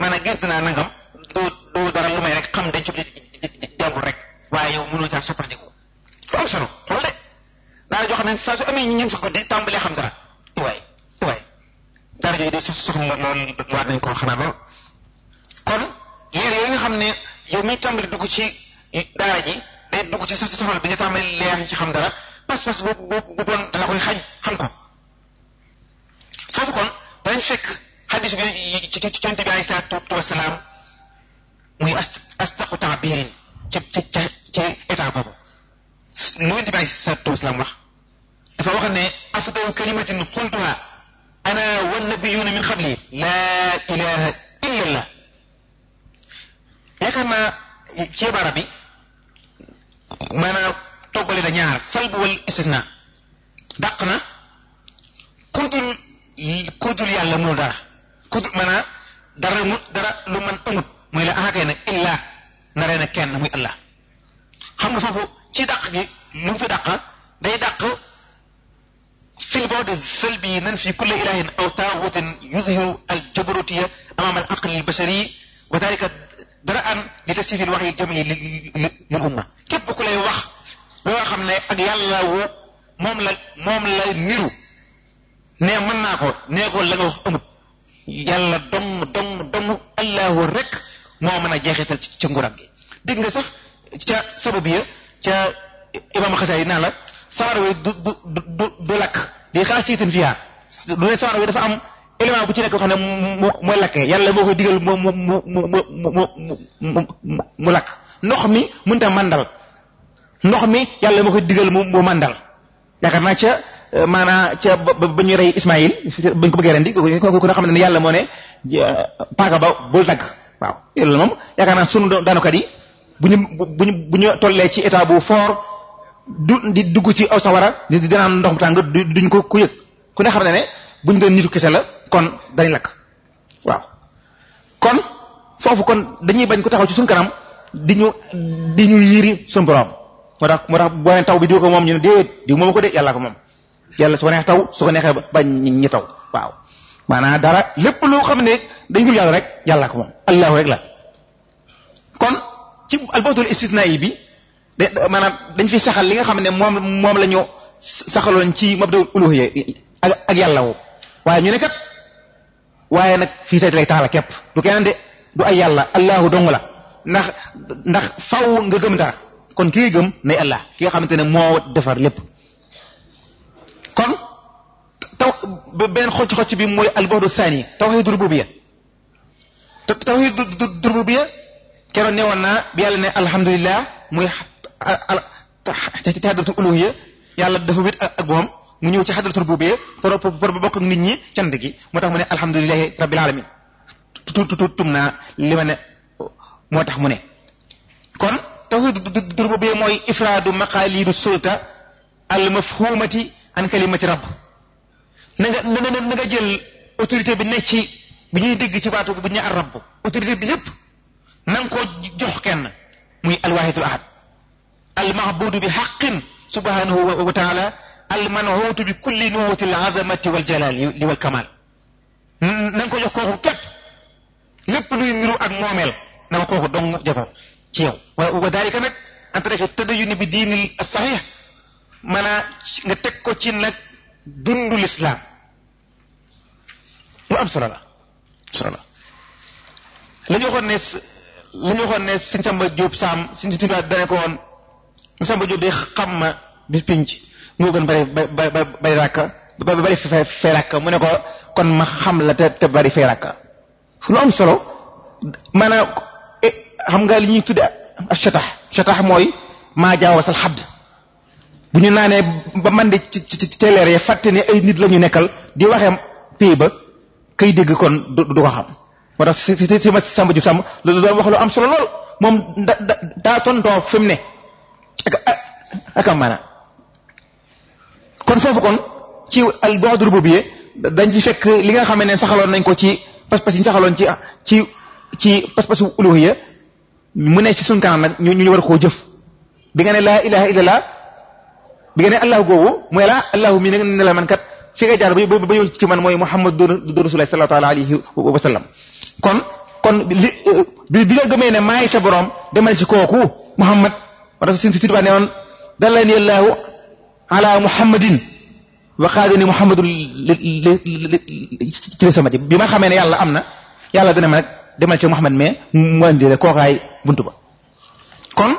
maanaam gis naa nangam du du dara lu may rek xam dañ ci jàmbur rek waaye yow mënoo caa soppandiku lu am solo xool de daara joo xam ne saa su amee ñu ñeent fukk de tàmbalee xam dara waay waay daara jooju de soxla lool war nañ koo xanaa lool kon leer yooyu xam ne yow miy tàmbali dugg ci daara ji day dugg ci sa soxal bi nga tàmbali leer ci xam dara pas-pas bu bu bu bon dala koy xañ xam ko foofu kon dañ fekk xaddis bi ci ci cant bi alayhi salaatu wasalaam muy as astaqu taabirin ca ca ca ca état boobu. lu yonent bi alayhi salaatu wasalaam wax dafa wax ne afdal kalimatin qultuha ana wannabiyuuna min qabli laa ilaha illa allah yaakaar naa ci bara bi maanaam toggale da ñaar salbu wal istisna dàq na kudul kudul yàlla mënul dara kud maanaa dara lu man amut mooy la aakay na illaa naree na kenn muy allah xam nga foofu ci dàq gi nu mu fi dàq day dàq fil salbi nan fi kulli ilahin aw taaxutin yuzhiru al li tasif al wax loo xam ne ak moom la moom la niru ne nee ko la nga yàlla dong dong dong allahu rek moo mën a jeexital ca nguuram gi dégg nga sax ca sabab ya ca imam xasaay yi naa la sawar wi du du du du lakk di xaasiitin fiyaa du ne sawar wi dafa am élément bu ci nekk xam ne mu mooy lakkee yàlla moo koy digal mu mu mu mu mu mu lakk ndox mi mënta màndal ndox mi yàlla moo koy digal mu mu màndal yaakaar naa ca Euh, maanaam ca ba ñu rey Ismaïl ba ñu ko bëggee rendi kooku na xam ne yàlla moo ne paaka ba bul dagg waaw yàlla moom yaakaar naa sunu daanukat yi bu ñu bu ñu bu tollee ci état bu fort du di dugg ci aw sawara di dinaan ndox mu tàng duñ ko ku ku ne xam ne ne bu ñu doon la kon dañ lakk kon dañuy bañ ko taxaw ci suñu kanam di ñu di ñu yiiri suñu borom moo tax taw bi diw ko moom ñu ko de yàlla ko moom yàlla su ko neex taw su ko neexee bañ ñi taw waaw maanaam dara lépp loo xam ne day yàlla rek yàlla ko moom allahu rek la kon ci bi de dañ fi saxal li nga xam ne moom moom la ñu saxaloon ci mabda'ul uluhiyya ak ak yàlla wo waaye ñu ne waaye nag fii say taala képp du keneen de du ay yàlla allahu dong la ndax ndax faw nga gëm dara kon ki gëm nay allah ki nga xamante ne moo defar lépp taw benn xocc xocc bi mooy albuhdu saani tawxiidu rububiya tawxiidu rububiya keroon newoon naa bi yàlla ne alhamdulilah muy ci xadratu uluhiya yàlla dafa wét ak moom mu ñëw ci xadratu rububiya pour pour nit ñi cant gi moo tax mu ne alhamdulilahi rabbil alamin tutum naa moo tax mu ne kon tawxiidu rububiya mooy ifraadu maqaalidu sulta al mafhumati an kalimati rabb na nga na nga na jël autorité bi ne ci bi ñuy dégg ci baatu bu ñu ar rabb autorité bi yépp na ko jox kenn muy alwaxidu ahad almahbudu bi xaqin subhanahu wa taala almanhuutu bi kulli nuuti alazamati waljalaali walkamal na nga ko jox kooku képp lépp luy niru ak moomeel na nga kooku dong jagoo ci yow wa dalika nag en tariqe tëddayuni bi diinil saxiix maanaa nga teg ko ci nag dundu lislaam lu am solo la solo la la ñu waxoon ne la ñu waxoon ne si Samba Diop Saam si si tubaab dane ko woon Samba Diop day xam ma bi pinc moo gën bari ba ba bari rakka bari fee fee rakka mu ne ko kon ma xam la te te bari fee rakka lu am solo maanaam e, xam nga li ñuy tudde ak shatax shatax mooy maa jaawasal xadd bu ñu naanee ba man di ci ci ci leer ya fàtte ne ay nit la ñu nekkal di waxee pays ba kay dégg kon du du ko xam moo si si ma Samba Diouf Samb loolu doon wax lu am solo lool moom da da daa tontoo fi ne ak ak am kon foofu kon ci al bu'd rububiyyah dañ ci fekk li nga xam ne saxaloon nañ ko ci pas-pas yi ñu saxaloon ci ci ci pas-pasu uluhiyya mu ne ci suñ kanam nag ñu ñu war koo jëf bi nga ne laa ilaaha illallah bi nga ne allahu googu mooy la allahu mii ne la man kat fi nga jaar ba ba ñëw ci man mooy muhammad du rasulullah sallallahu bi bi nga gëmee ne maay sa borom demal ci kooku muhammad wa dafa sin si sitbaa ne woon dallani allahu ala muhammadin wa qaadani muhammadu ci sama ji bi ma xamee ne yàlla am na yàlla dana ma nag demal ci muhammad mais mu andi la kookaay buntu ba kon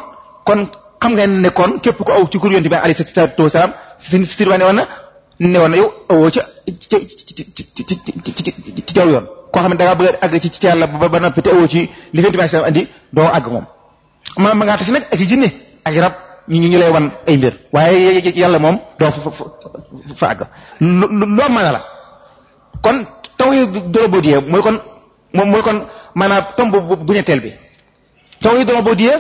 kon xam ngeen ne kon képp ko aw ci kuréel yonent bi alayhi salaatu wa salaam si si ne woon na ne woon na yow awoo ca ca ci jaw yoon. koo xam ne da ngaa bëgg a àgg ci ci yàlla ba ba noppi te awoo ci li yonent bi alayhi salaam andi doo àgg moom. ma ma ngaa tasi nag ak i jinne ak i rab ñu ñu lay wan ay mbir waaye yàlla moom doo fa fa àgg loo mën a la kon taw yi dorobodie mooy kon moom mooy kon maanaam tomb bu ñetteel bi taw yi dorobodie.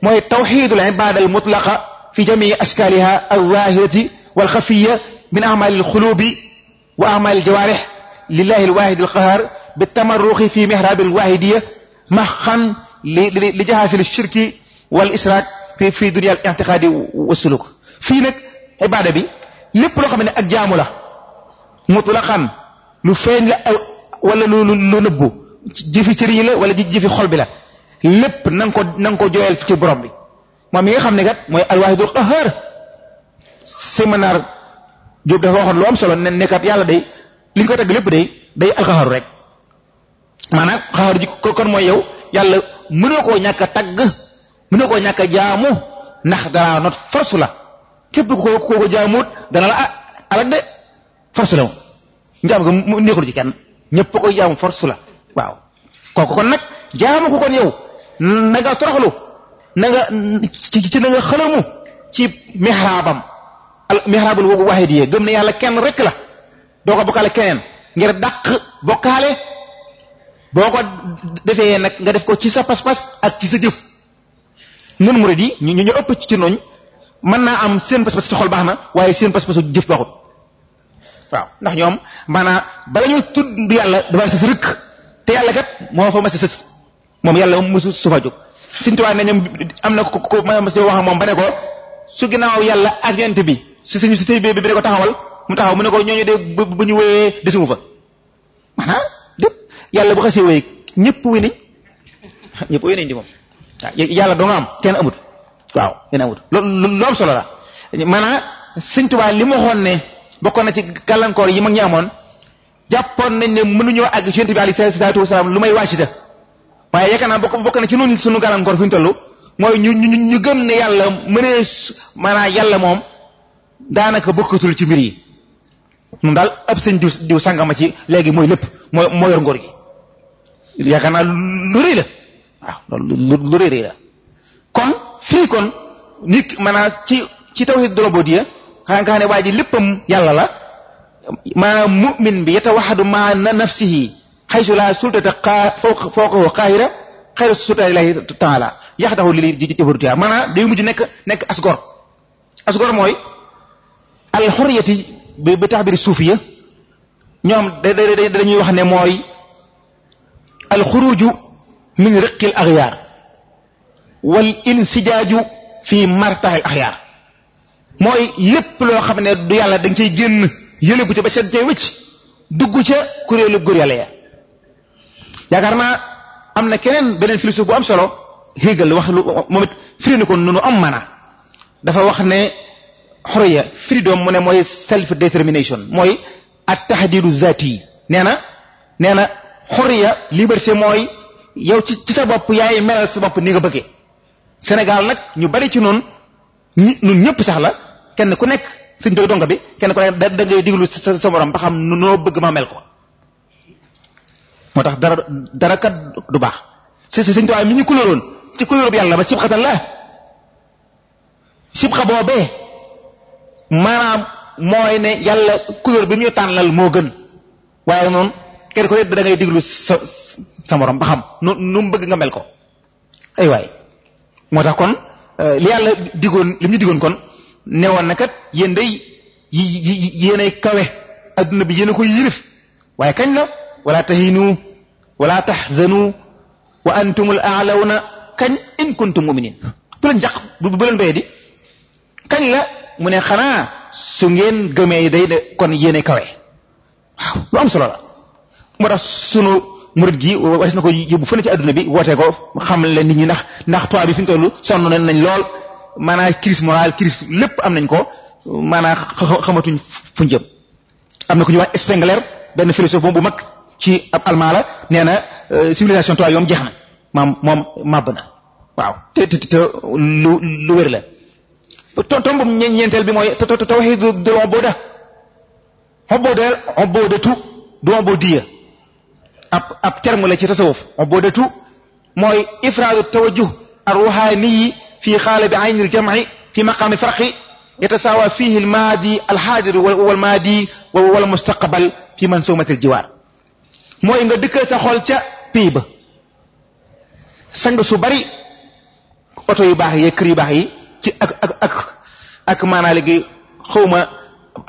mooy tawxidul ibada al mutlaqa fi jamii ashkaaliha al zaahirati wal xafiya min amal al xulubi wa amal al jawaarix lillahi al waahid al qahar bi tamarruxi fi mihrab al waahidiya maxan li li jahaafil shirki wal israak fi fi dunia al intiqaadi wa suluk fii nag bi lépp loo xam ne ak jaamu la mutlaqan lu feeñ la wala lu lu nëbbu jëfi cër yi la xol bi la lépp na nga ko na nga ko jooyal ci borom bi moom mi nga xam ne kat mooy alwaahidul qahhaar séminaire Diop dafa waxoon lu am solo ne ne yàlla day li ñu ko teg lépp day day alqahaaru rek maanaam xahaaru ji kon mooy yow yàlla mënoo koo ñàkk a tagg mënoo koo ñàkk a jaamu ndax dara not la képp ko ko jaamuut la ah, alak de force ci kenn ñëpp ko jaamu la kon nag na nga toroxlu na ci ci na nga xalamu ci mihraabam al mihraabul woogu waahidiyya gëm ne yàlla kenn rek la doo ko bokkaale keneen ngir dàq bokkaale boo ko defee nag nga def ko ci sa pas-pas ak ci sa jëf nun mu yi ñu ñu ëpp ci nooñ mën naa am seen pas-pas ci xol baax na waaye seen pas-pas jëf baaxut waaw ndax ñoom maanaam bala ñuy tudd yàlla dafa sës rëkk te yàlla kat moo fa mas sës moom yàlla moom musu su fa jóg Sëriñ Tuubaa ne ñoom am na ko ku ma mos wax moom ba ne ko su ginnaaw yàlla ak yonent bi si suñu si sëñ bi bi ne ko taxawal mu taxaw mu ne ko ñooñu de bu ñu wéyee desuñu fa maanaam dépp yàlla bu xasee wéy ñëpp wéy nañ ñëpp di moom waaw yàlla doo am kenn amut waaw kenn amut loolu lu am solo la maanaam Sëriñ Tuubaa li mu waxoon ne bokkoon na ci gàllankoor yi mag ñi amoon jàppoon nañ ne mënuñoo àgg ci yonent bi alayhi salaatu wasalaam lu may si waasita waaye yaakaar naa bokk bokk na ci nun suñu gàllankoor fi ñu toll mooy ñu ñu ñu gëm ne yàlla mënee maanaam yàlla moom daanaka bokkatul ci mbir yi nun daal ëpp seen diw diw sàngama ci léegi mooy lépp mooy moo yor ngóor gi yaakaar naa lu loolu lu la kon fii kon nit maanaam ci ci tawhid rububiyya xanaa waa ji léppam yàlla la maanaam mu'min bi yatawaxadu maa nafsihi xaysu laa sultata xaa foo foo ko xaahira xayra sultati laahi taala yax taxu lili di jabarutiha maanaam day mujj nekk nekk asgor asgor mooy al xoriyati bi bi taxbiri ñoom da wax ne mooy al xuruju min riqil axyaar wal insijaaju fi mooy lépp loo xam ne du yàlla da nga cay génn yëlebu ca ba set cay wëcc dugg ca kuréelu góor yàlla ya yaakaar naa am na keneen beneen philosophe bu am solo Hegel wax lu moom it firi na ko nu am mana dafa wax ne xoriya freedom mu ne mooy self determination mooy at tahdidu zati nee na nee na xoriya liberté mooy yow ci ci sa bopp yaay melal sa bopp ni nga bëggee Sénégal nag ñu bari ci noonu ñun ñëpp sax la kenn ku nekk suñ doy donga bi kenn ku nekk da ngay diglu sa sa morom ba xam noo bëgg ma mel ko. moo tax dara dara kat du baax sa si sëñ Tuubaa mi ñu kulóoroon ci kulóor bu yàlla ba sibxatan la sibxa boobee maanaam mooy ne yàlla kulóor bi ñu tànnal moo gën waaye noonu kenn ko ne da ngay diglu sa sa morom ba xam nu nu bëgg nga mel ko ay waay moo tax kon euh, li yàlla digoon li mu ñu digoon kon ne na kat yéen day yéenay kawe adduna bi yéen koy yilif waaye kañ la wala tahinu wala tahzanu wa antumul a'lawna kañ in kuntum mu'minin bu leen jàq bu leen béy di kañ la mu ne xanaa su ngeen gëmee day de kon yéene kawe waaw lu am solo la moo tax sunu murid gi waris na ko yóbbu fële ci adduna bi woote ko xam leen nit ñi ndax ndax toit bi fi ñu toll sonn nañ nañ lool maanaam crise morale crise lépp am nañ ko maanaam xamatuñ fuñ jëm am na ku ñu wax Spengler dana philosophe moom bu mag ci ab almaa la nee na euh, civilisation tubaab yoom jeex na maam moom màbb na waaw te te te lu lu wér la to tomb ñeenteel bi mooy te te tawxiid de l'ubbuda ubbudal ubbudatu du ubbudiyya ab ab terme la ci tasawuf ubbudatu mooy ifraadu tawajjuh arruhaniyi fi xaalabi ayni aljamci fi maqaami farqi yatasaawa fihi almaadi alxaadiri walmaadi walmustaqbal fi mansumati aljiwaar mooy nga dëkkal sa xol ca pii ba sang su bari oto yu baax yee kër yu baax yi ci ak ak ak ak maanaa léegi xawma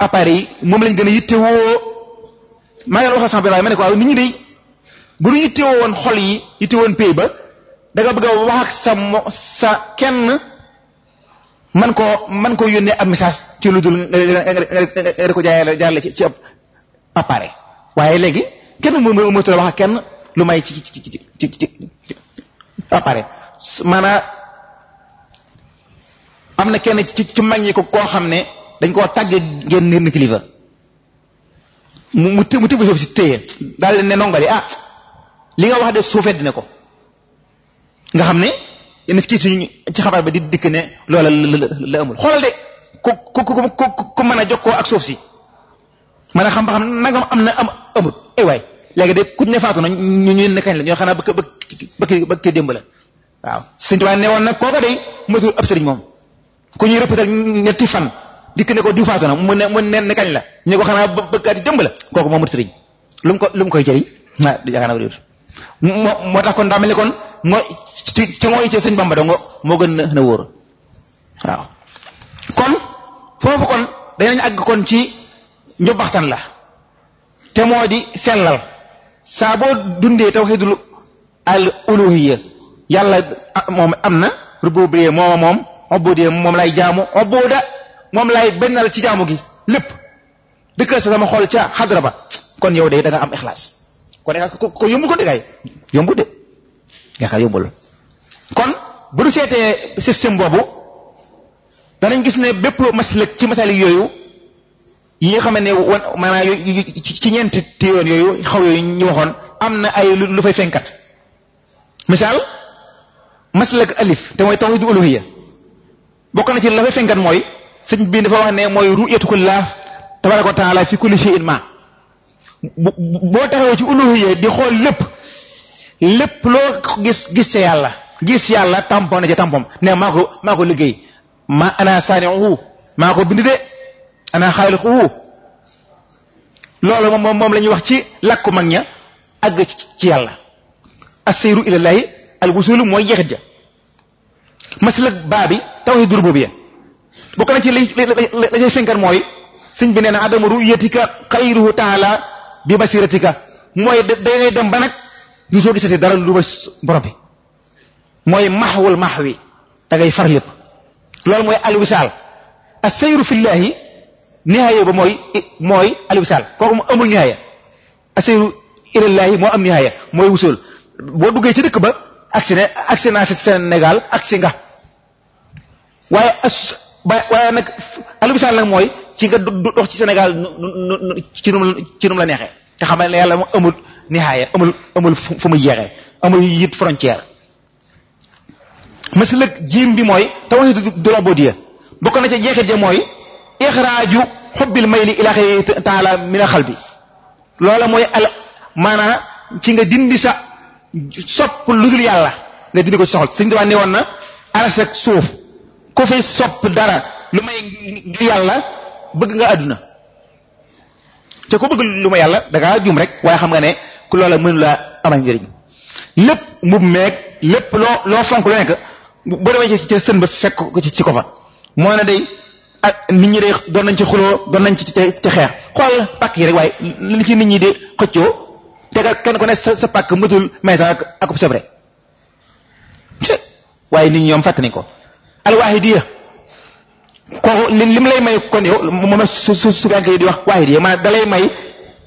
appareil yi moom lañ gën a yittewoo maa ngi leen waxee sànq ma ne ko waaw nit ñi de bu ñu yittewoo woon xol yi yittewoon pay ba da bëgg a wax ak sa mo sa kenn man koo man koo yónnee am message ci lu dul nga nga nga ko jaayale jaarale ci ci ab appareil waaye léegi kenn mu mënatu la wax a kenn lu may ci ci ci ci ci ba pare maanaam am na kenn ci ci mag ñi ko koo xam ne dañ koo tàggee ngeen nir ni kilifa mu mu të mu tëb suuf si téye daal leen ne nongali ah li nga wax de suufee dina ko nga xam ne yenn kii ci xabaar ba di dikk ne loola la amul xoolal de ku ku ku ku mën a jokkoo ak suuf si mën a xam ba xam nangam am na am. amut ay eh waay léegi de ku ne faatu na ñu ñu ne kañ la ñoo xanaa bëgg bëgg bëgg démb la waaw Sëriñ Tuubaa ne woon nag kooka day matul ab sëriñ moom ku ñuy rëppatal ñetti fan dikk ne ko diw faatu na mu ne mu ne kañ la ñu ko xanaa bëggaati démb la kooku moomut sëriñ lu ko lu mu koy jëriñ ah yaakaar naa moo moo tax kon daa mel ni kon ngo ci ci ngooy ci sëñ Bamba dongo moo gën na wóor waaw kon foofu kon dañ nañ àgg kon ci njobbaxtan la te moo di sellal saa boo dundee tawhidul al uluhiyya yàlla moom am na rububiyya mooma moom ubudiyya moom lay jaamu moom lay bennal ci jaamu gi lépp dëkkal sa sama xol ca xadra ba kon yow de da am ixlaas kon da nga ko yómbul ko dëggaay yómbul de nga xam yómbul kon bu du seetee système boobu danañ gis ne bépp maslëk ci masalik yooyu yi nga xamante ne wan maanaam ci ñeenti téewoon yooyu xaw yooyu ñu waxoon am na ay lu fay fenkat misaal maslak alif te mooy tawhidu uluhiyya bokk na ci la fay fenkat mooy sëñ bi dafa wax ne mooy ru'yatullah tabaraka wa taala fi kulli shay'in ma boo taxawee ci uluhiyya di xool lépp lépp loo gis gis ca yàlla gis yàlla tampon na ca tampom ne maa ko maa ko liggéey ma ana saani'uhu maa ko bind de ana xaaliquhu loolu moom moom la ñuy wax ci lakk mag ña àgg ci yàlla asseyru ilallahi al wusulu mooy yexit ja maslak baa bi tawhidul rububiyya bokk na ci li la fenkar mooy sëñ bi nee na adama ruyatika xayruhu taala bi basiratika mooy da ngay ba nag du soo gisati dara lu ba borom bi mooy maxwul max wi far lépp loolu mooy alwisaal asseyru fillahi nihaaya ba mooy mooy alibisaal ko mu amul nihaaya asiru ilallahi moo am nihaaya mooy wusul boo duggee ci dëkk ba agsi ne agsi naa si Sénégal agsi nga waaye as waaye nag alibisaal nag mooy ci nga dox ci Sénégal ci num ci num la neexee te xamal yàlla mu amul nihaaya amul amul fu mu jeexee amul yit frontière masalëg jiim bi mooy tawhidu durubudiyya bokk na ca jeexit ja mooy ixraaju xubbil mayli ila xëy taala mina xal bi loola mooy al maanaa ci nga dindi sa sopp lu dul yàlla nga dindi ko ci soxal sëñ ne woon na aras ak suuf ku fi sopp dara lu may ngir yàlla bëgg nga àdduna te ku bëgg lu ma yàlla dangaa juum rek waaye xam nga ne ku loola mënula laa amal njëriñ lépp mbub meeg lépp loo loo fonk lu nekk boo demee ci sën ba fekk ci ko fa moo ne day ak ah, nit ñi de doon nañ ci xuloo doon nañ ci ci xeex xool pàkk yi rek waaye li ci nit ñi di xëccoo te kenn ku ne sa sa pàkk mëtul meetar ak akub sebre waaye ko alwaahidiya kooku li li lay may kon yow moom su yi di wax waahidiya maanaam da lay may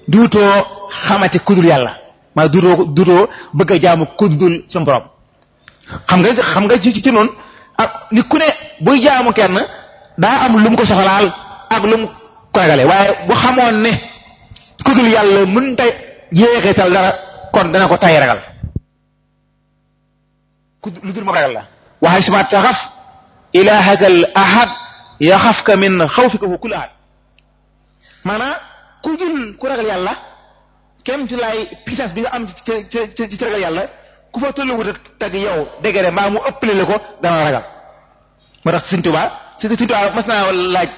duutoo xamati kudul yàlla maanaam duutoo duutoo bëgg a jaamu kudul sa borom xam nga xam nga ci noonu ah ku ne buy jaamu kenn. daa am lu mu ko soxlaal ak lu ko ragale waaye bu xamoon ne ku dul yàlla mënta yéexital dara kon dana ko tay ragal lu dul moom ragal la waxay suma taxaf ilaahaka al ahad yaxafka min xawfika hu kul ahad maanaam ku dul ku ragal yàlla kem ci laay puissance bi nga am ci ragal yàlla ku fa tolluwut ak yow dégg nga mbaa mu ëppale la ko dana ragal moo tax Sëriñ si si tuuti mas naa laaj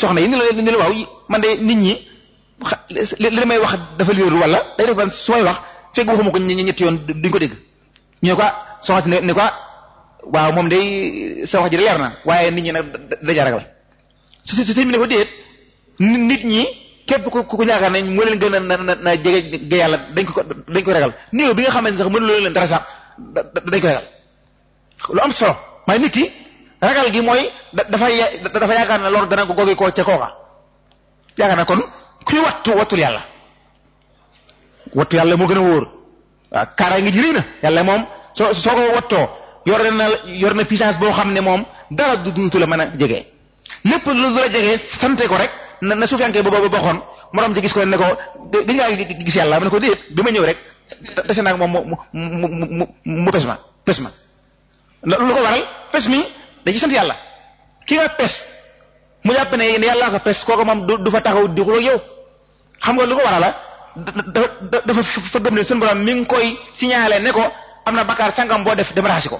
soxna yi ni la ni la waaw man de nit ñi li li may wax dafa leerul wala day def ban su may wax fekk waxuma ko ñetti yoon duñ ko dégg ñu ne quoi soxna si ne quoi waaw moom day sa wax ji na waaye nit ñi nag daja ragal si si sëñ bi ne ko déet nit ñi képp ku ku ñaakaar ne moo leen gën a na na jege yàlla dañ dañ ko ragal néew bi nga xamante ne sax mënuloo leen dara sax dañ ko ragal lu am solo maay nit ki ragal gi mooy dafay dafa yaakaar na loolu dana ko goge koo ca kooka yaakaar na kon kuy wattu wattul yàlla wattu yàlla moo gën a wóor waaw kaara ngi jëriñ yàlla moom soo soo ko wattoo yor na yor na puissance boo xam ne moom dara du duutu la mën a jege lépp lu du la jege sante ko rek na na suufiyanke ba boobu bokkoon moroom ci gis ko ne ko gis ngaa gis yàlla mu ne ko déet bi ma ñëw rek dese naa moom mu mu mu mu mu pes ma pes ma pes mi da ci sant yàlla ki nga pes mu jàpp ne yàllaa ko pes kooku moom du fa taxaw di xuloo yow xam nga lu ko waral da dafa fa gëm ne suñu borom mi ngi koy signalé ne ko am na bakkaar sangam boo def dem raxasi ko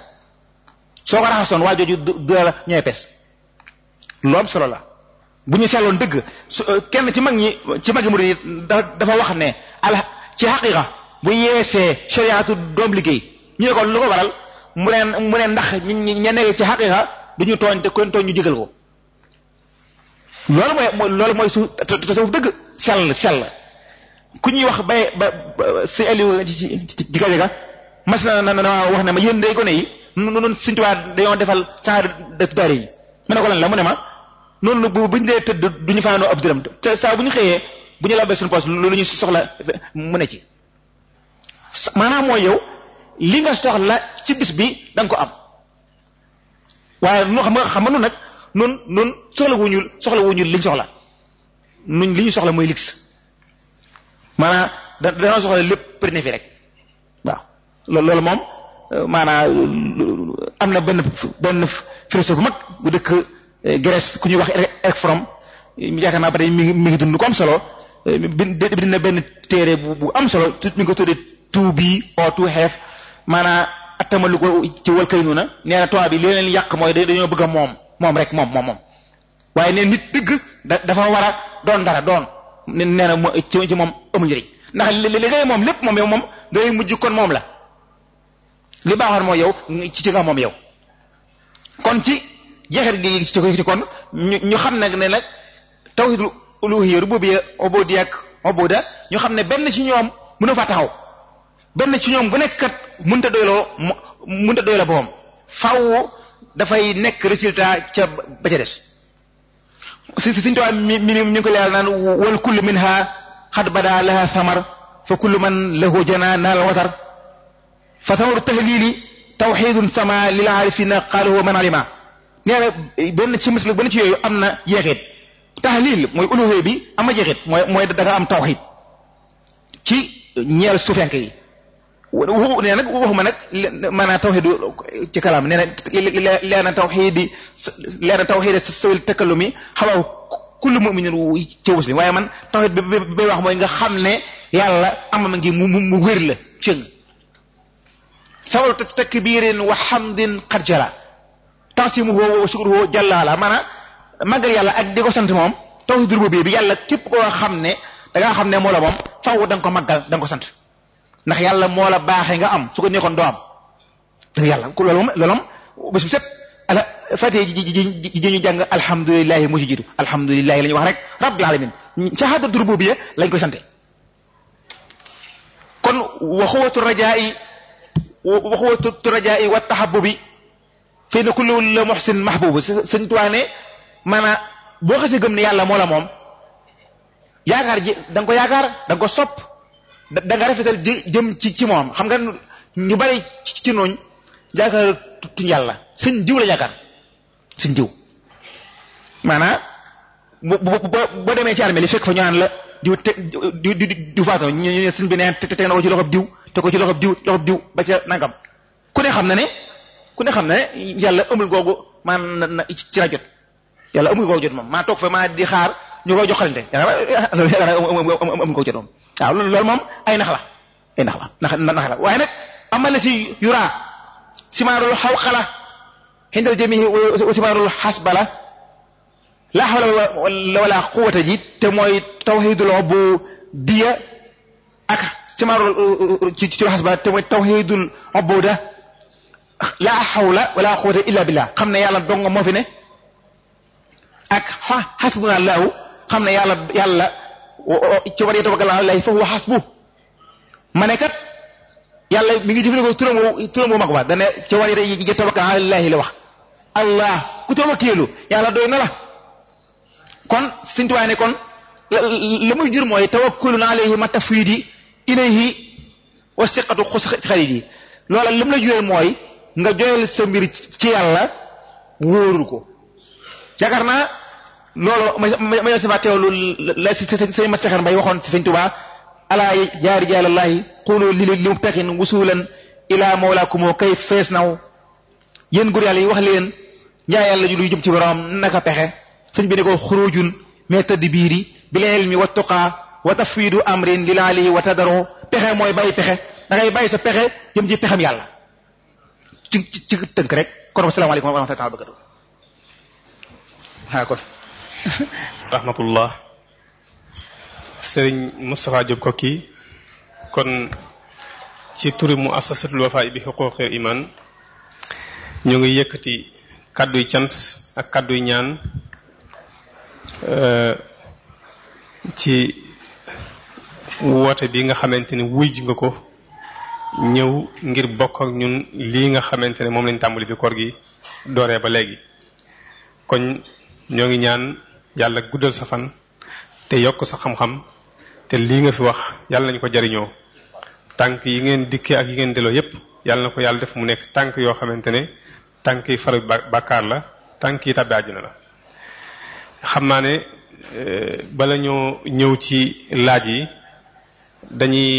soo ko raxasoon waa jooju du la ñooy pes lu am solo la bu ñu seetloon dëgg euh, kenn ci mag ñi ci magi mu yi dafa wax ne ala ci xaqiqa bu yeesee shariatu doom liggéey ñu ne ko lu ko waral mu ne mu ne ndax ñi ña nekk ci xaqiqa duñu tooñ te kon tooñ ñu jégal ko loolu mooy loolu mooy su tasawuf dëgg sell sell ku ñuy wax bay ba si Aliou ci ci Gajaga mas na na na wax ne ma yéen day gone yi noonu suñu tubaab dañoo defal saa def daare yi ma ne ko lan la mu ne ma noonu bu buñ dee tëdd duñu faanoo ab dërëm te saa bu ñu xëyee bu ñu làbbee suñu poos lu ñu soxla mu ne ci maanaam mooy yow li nga soxla ci bis bi da nga ko am waaye nu xam nga xam nga nun nag nun nun soxla wuñu soxla wuñu liñ soxla nuñ li ñu soxla mooy liggs maanaam da dana soxla lépp prene fi rek waaw loolu moom euh, maanaa euh, am na benn benn philosophe bu mag bu dëkk euh, Grèce ku ñuy wax forom from yaakaar naa ba tey mi ngi mi ngi ko am solo bind na benn téere bu bu am solo mi ngi ko tuddee to be or to have maanaa attamalu ko ci walkaynu na nee na bi li leen yàq mooy dañoo bëgg a moom moom rek moom moom moom waaye nee nit dëgg dafa wara doon dara doon nee na ci moom amul njëriñ ndax li li ngay moom lépp moom yow moom ngay mujj kon moom la li baaxoon mooy yow ci ci nga moom yow kon ci jeexit gi ci ko ci kon ñu xam nag ne nag tawhidul uluhiyya rububiyya ubudiyya ak ubuda ñu xam ne benn ci ñoom mënu faa taxaw benn ci ñoom bu nekk kat mënta doyloo mënta doyloo boppam faaw dafay nekk résultat ca ba ca des. si si suñu toog mi mi mi ngi ko leeral naan wal kullu minha xad bada laha samar fa kullu man lahu jana naal watar fa samaru tahlili tawxidun sama lil aarifina qaaluhu wa man alima nee na benn ci misli benn ci yooyu am na jeexit tahlil mooy uluhé bi am na jeexit mooy mooy da nga am tawxid ci ñeel suufenk yi waxu nee nag waxuma nag maanaam tawxiidu ci kalaam nee na leena tawxiidi leena tawxiidi sawil takalumi xawaaw kullu muminin ci muslim waaye man tawxiid bi bay wax mooy nga xam ne yàlla amam ngi mu mu wér la cëng sawal takbirin wa xamdin xat jala tansimuhu wa shukruhu jàllaala maanaam màggal yàlla ak di ko sant moom tawxiid rububiyya bi yàlla képp koo xam ne da xam ne moo la moom faw da ko màggal da ko sant ndax yàlla moo la baaxee nga am su ko neexoon doo am dëgg yàlla ku loolu moom loolu moom bés bu set ala fatee ji ji ji ñu jàng alhamdulilahi mu ci jiitu alhamdulilahi la ñu wax rek rabbil alamin shahadatu rububiyya lañ koy sante kon waxuwatu rajaa'i waxuwatu rajaa'i wa tahabbubi fii na kullu la muhsin mahbubu sëñ Tuubaa ne maanaam boo xasee gëm ne yàlla moo la moom yaakaar ji da nga ko yaakaar da nga ko danga nga rafetal jëm ci ci moom xam nga ñu bari ci nooñ jaakaar tuñ yàlla sëñ diw la yaakaar sëñ diw maanaam boo demee ci armée li fekk fa ñu naan la diw te diw diw faatoo ñu ne sëñ bi neen te teg na ko ci loxob diw te ko ci loxob diw loxob diw ba ca nangam ku ne xam na ne ku ne xam na ne yàlla amul googu man na ci la jot yàlla amul googu jot moom maa toog fa maa di xaar ñu koy joxalante yaakaar naa amu ko ca doom waaw loolu moom ay nax la ay nax la nax nax la waaye nag amal na si yuraa simaarul xawqala xindal jamihi simaarul xasbala laa hawla wala quwata ji te mooy tawxidul ubudiyya xasbala te mooy tawxidul ubuda laa wala quwata illa billah xam ne yàlla dong moo fi ne ak xasbunallahu xam ne yàlla yàlla ci war yetaba gala lay fa huwa hasbu ma ne kat yàlla mi ngi jëfandikoo turam wu turam wu mag ba dane ci war yetaba gala lay la wax allah ku tawakkeelu yàlla doy na la kon Sëriñ Tuubaa ne kon la muy jur mooy tawakkulun alayhi ma tafwidi ilayhi wa siqatu xus xarit yi loola lim la juree mooy nga joyal sa mbir ci yàlla wóorul ko yaakaar naa loolu ma ma si fa teewlu la si sëñ Mat Saxar Mbay waxoon si sëñ Tuubaa alaa yaa rijaalallahi qulu li li mubtaxin wusulan ilaa mawlaakumoo kay fees naw yéen góor yàlla yi wax leen njaa yàlla ju luy jëm ci boroom naka pexe sëñ bi ne ko xurujun mais tëdd biir yi bil ilmi wa tuqaa wa tafwidu amrin lilaalihi a tadaro pexe mooy bàyyi pexe da ngay bàyyi sa pexe jëm ci pexem yàlla ci ci tënk rek kon wa salaamaaleykum wa rahmatullahi wa barakatuh rahmatullah sëriñ Moustapha Diop Koki kon ci turi mu assasatul wafaay bi xuquqil iman ñu ngi yëkkati kàdduy cant ak kàdduy ñaan euh, ci woote bi nga xamante ne wuy nga ko ñëw ngir bokk ak ñun lii nga xamante ne moom lañ tàmbali bi koor gi dooree ba léegi kon ñoo ngi ñaan yàlla guddal sa fan te yokk sa xam-xam te lii nga fi wax yàlla nañ ko jariñoo tànk yi ngeen dikkee ak yi ngeen delloo yépp yàlla na ko yàlla def mu nekk tànk yoo xamante ne tànk yi faru bàkkaar la tànk yi tàbbi àjjana la xam naa ne euh, balañoo ñëw ci laaj yi dañuy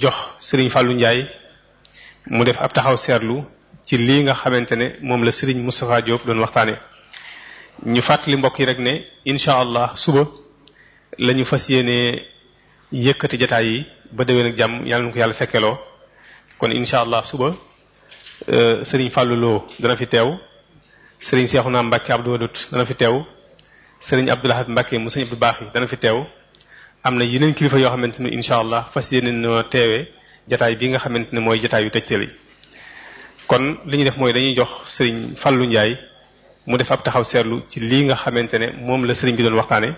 jox sëriñ Fallou Ndiaye mu def ab taxaw seetlu ci lii nga xamante ne moom la Serigne Moustapha Diop doon waxtaanee. ñu fàttali mbokk yi rek ne incha allah suba lañu fas yéene yëkkati jataay yi ba déwén ak jàmm yàlla na ko yàlla fekkeloo kon incha allah suba euh, sëriñ Fallou Lo dana fi teew sëriñ Cheikhouna Mbacke Abdou Wadud dana fi teew sëriñ Abdou Lahad Mbacke mu sëriñ Abdou Baax dana fi teew am na yeneen kilifa yoo xamante ni incha allah fas yéene noo teewee jataay bi nga xamante ne mooy jataay yu tëjteel yi kon li ñu def mooy dañuy jox sëriñ Fallou Ndiaye. mu def ab taxaw seetlu ci lii nga xamante ne moom la sëriñ bi doon waxtaane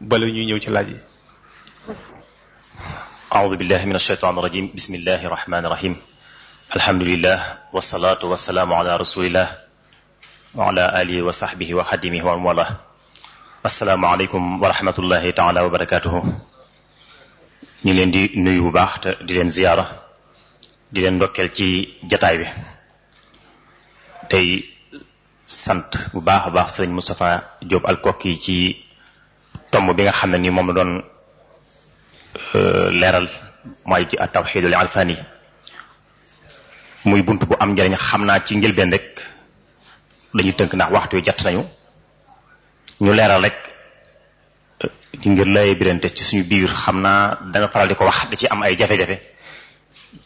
bala ñuy ñëw ci laaj yi aoudu billahi a alsheytan irajim bismillahi irrahmani irahim alhamdulilah wasalaatu wasalaamu ala wa ala alihi wa sahbihi wa xadimihi wa wala asalaamaaleykum wa rahmatullahi taala wa barakatuhu ñu leen di nuyu bu baax te di leen ziyaara di leen ndokkeel ci jataay bi tey sant bu baax a baax sëriñ Moustapha Diop Alkoki ci tomb bi nga xam ne ni moom la doon euh, leeral mooy ci at-tawhidul irfani muy bunt bu am njëriñ xam naa ci njëlbeen rek dañuy tënk ndax waxtu wi jot nañu ñu leeral rek ci euh, ngir lay birante ci suñu biir xam naa danga faral di ko wax da ci am ay jafe-jafe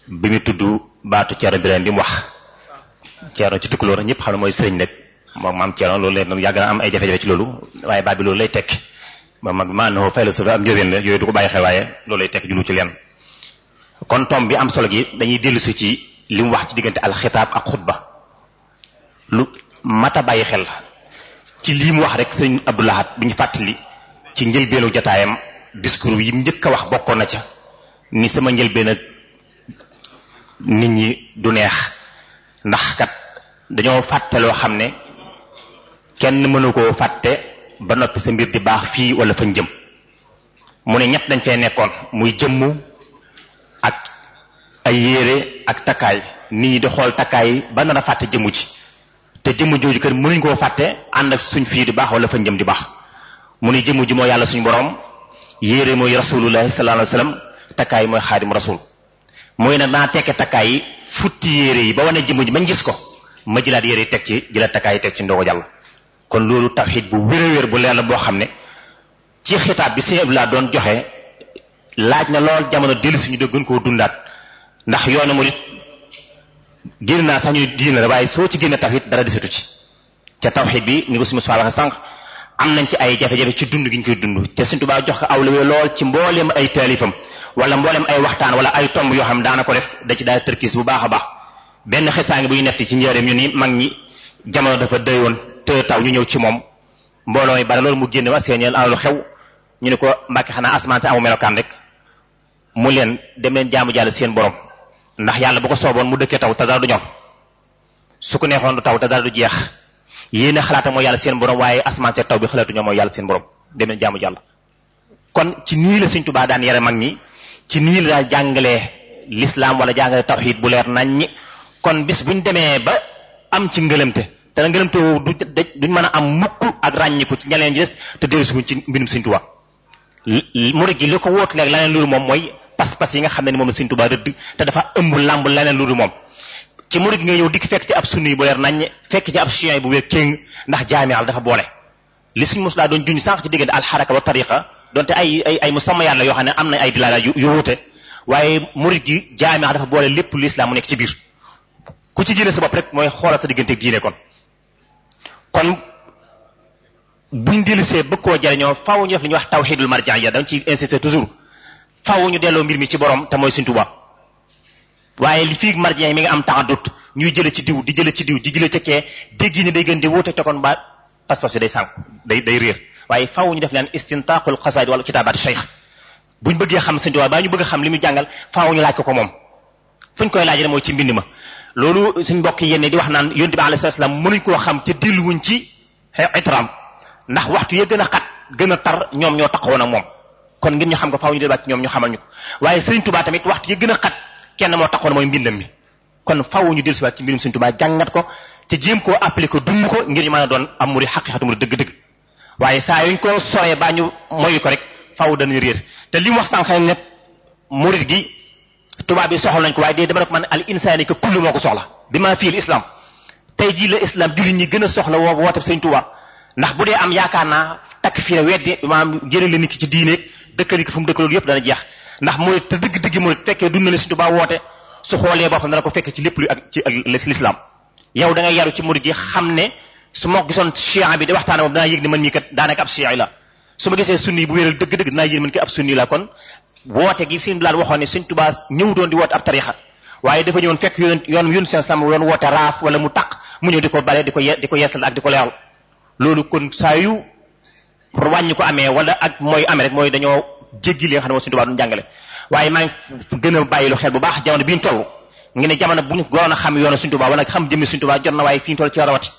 bi muy tudd baatu Ceerno Birahim bi mu wax Ceerno ci Tukulóor ñëpp xam ne mooy sëriñ rek moom maam Thierno loolu leen yàgg na am ay jafe-jafe ci loolu waaye lay tekki ba mag maanaam philosophe am njóobeen la yooyu du ko bàyyi xel waaye loolu lay tekki julu ci leen kon tom bi am solo gi dañuy dellusi ci li mu wax ci diggante alxitaab ak xutba lu mata bàyyi xel ci lii mu wax rek sëñ Abdou Lahad bi fàttali ci njëlbeenu jataayam discours yi njëkk a wax bokkoon na ca ni sama njëlbeen nit ñi du neex ndax kat dañoo fàttaloo xam ne kenn mënu koo fàtte ba noppi sa mbir di baax fii wala fañ jëm mu ne ñett dañ fee nekkoon muy jëmm ak ay yére ak takkaay nit ñi di xool takkaay ba nar a fàtte jëmm ji te jëmm jooju kër mënuñ koo fàtte ànd ak suñ fii di baax wala fañ jëm di baax mu ne jëmm ji moo yàlla suñu borom yére mooy rasulullahi sallallahu alayhi wasallam takkaay mooy xaadim rasul mooy nag naa tekke takkaay yi futti yére yi ba wane jëmm ji bañ gis ko ma jëlaat yére yi teg ci jëlaat takkaay yi teg ci ndoo ko kon loolu tawxid bu wér-wér bu leer la boo xam ne ci xitaab bi sëñ laa doon joxe laaj na lool jamono dellu si ñu gën koo dundaat ndax yoonu murid génn naa sax ñu diina la waaye soo ci génne tawxid dara desatu ci ca tawxid bi ni ko suñu soxla sànq am nañ ci ay jafe-jafe ci dund gi ñu koy dund te Sëñ Tuubaa jox ko awlawee lool ci mbooleem ay taalifam wala mbooleem ay waxtaan wala ay tomb yoo xam daana ko def da ci daal tërkiis bu baax a baax benn xisaangi bu ñu netti ci njëreem ñu ni mag ñi jamono dafa dëy woon të taw ñu ñëw ci moom mbooloo mi bari loolu mu génn wa seeneel ana la xew ñu ne ko mbàkke xanaa asmaan te amu melokaan rek mu leen dem leen jaamu jàll seen borom ndax yàlla bu ko sooboon mu dëkkee taw te dara du ñor su ko neexoon du taw te dara du jeex yéen xalaatam mooy yàlla seen borom waaye asmaan seeg taw bi xalaatu ñoo mooy yàlla seen borom dem leen jaamu jàll kon ci nii la Sëñ Tuubaa daan yare mag ñi ci nii la daan jàngalee lislaam wala jàngale tawxiid bu leer nañ ñi kon bis buñ demee ba am ci ngëlëmte te na ngërëm du daj mën a am mukk ak ràññiku ci ñeneen ñi des te dellusiwuñ ci mbindum Sëriñ Tuubaa murid gi li ko wóotu leeg laneen loolu moom mooy pas-pas yi nga xam ne ni moom la Sëriñ Tuubaa rëdd te dafa ëmb làmb laneen loolu moom ci murid nga ñëw dikk fekk ci ab sunni bu leer nañ fekk ci ab chiyan bu wéeg céng ndax jaamial dafa boole li suñ mosulaa doon juñ sànq ci diggante alxaraka ba tariqa donte ay ay ay musamma yàlla yoo xam ne am na ay dilaala yu wuute waaye murid gi jaamial dafa boole lépp lu islam mu nekk ci biir ku ci jëlee sa bopp rek mooy xoolal sa diggante diine kon kon buñ dellusee bëgg koo jariñoo faaw ñu def li ñuy wax tawhidul marjaaya dañ ci insister toujours faaw ñu delloo mbir mi ci borom te mooy Sëriñ waaye li fii marjaaya mi ngi am taxadut ñuy jële ci diw di jële ci diw di jële ci kee dégg ni day gën di wóote tokoon ba pas-pas bi day sànk day day réer waaye faaw ñu def leen istintaaqul xasaid wala kitaabaat cheikh buñ bëggee xam Sëriñ Tuubaa baa ñu bëgg xam li mu jàngal faaw ñu laaj ko ko moom fuñ koy mooy ci mbind ma loolu suñ mbokk yenn di wax naan yonent bi alayhi salaam mënuñ koo xam te delluwuñ ci itram ndax waxtu ya gën a xat gën a tar ñoom ñoo taxawoon ak moom kon ngir ñu xam ko faaw ñu delluwaat ci ñoom ñu xamal ñu ko waaye Serigne Touba tamit waxtu ya gën a xat kenn moo taxawoon mooy mbindam mi kon faaw ñu dellusiwaat ci mbirum Serigne Touba jàngat ko te jéem koo appliquer ko dund ko ngir ñu mën a doon am muri xaqiqatu muri dëgg-dëgg waaye saa yuñ koo soree baa ñu moyu ko rek faw danañ réer te li mu wax sànq ne murid gi tubaab yi soxla nañ ko waaye dee dama ne ko man al insaani ka kullu moo ko soxla bi maa fii islam tey jii la islam jullit ñi gën a soxla woo wootab sëñ Tuubaa ndax bu dee am yaakaar naa takk fii weddi maanaam jëlee ki ci diine dëkkali ko fu mu dëkk loolu yëpp dana jeex ndax mooy te dëgg na sëñ Tuubaa woote su xoolee boppam na ko fekk ci lépp lu ak ci ak l'islam yow da nga yaru ci murid yi xam ne su ma gisoon chia bi di waxtaane moom danaa yëg ne man ñii kat daanaka ab chia la su ma gisee sunni bu wéral dëgg-dëgg dinaa yéen mën ko ab sunni laa kon woote gi suñ bilaal waxoon ne suñ tubaa ñëw doon di woote ab tarixa waaye dafa ñëwoon fekk yoon yoon yun seen sam yoon woote raaf wala mu taq mu ñëw di ko bale di ko di ko yeesal ak di ko leeral loolu kon saa yu wàññi ko amee wala ak mooy amee rek mooy dañoo jéggi li xam ne moo suñ tubaa duñ jàngale waaye maa ngi gën a bàyyi lu xel bu baax jamono bi ñu toll ngi ne jamono bu ñu goroon a xam yoonu suñ tubaa wala xam jëmmi suñ tubaa jot na waaye fi ñu toll ci rawati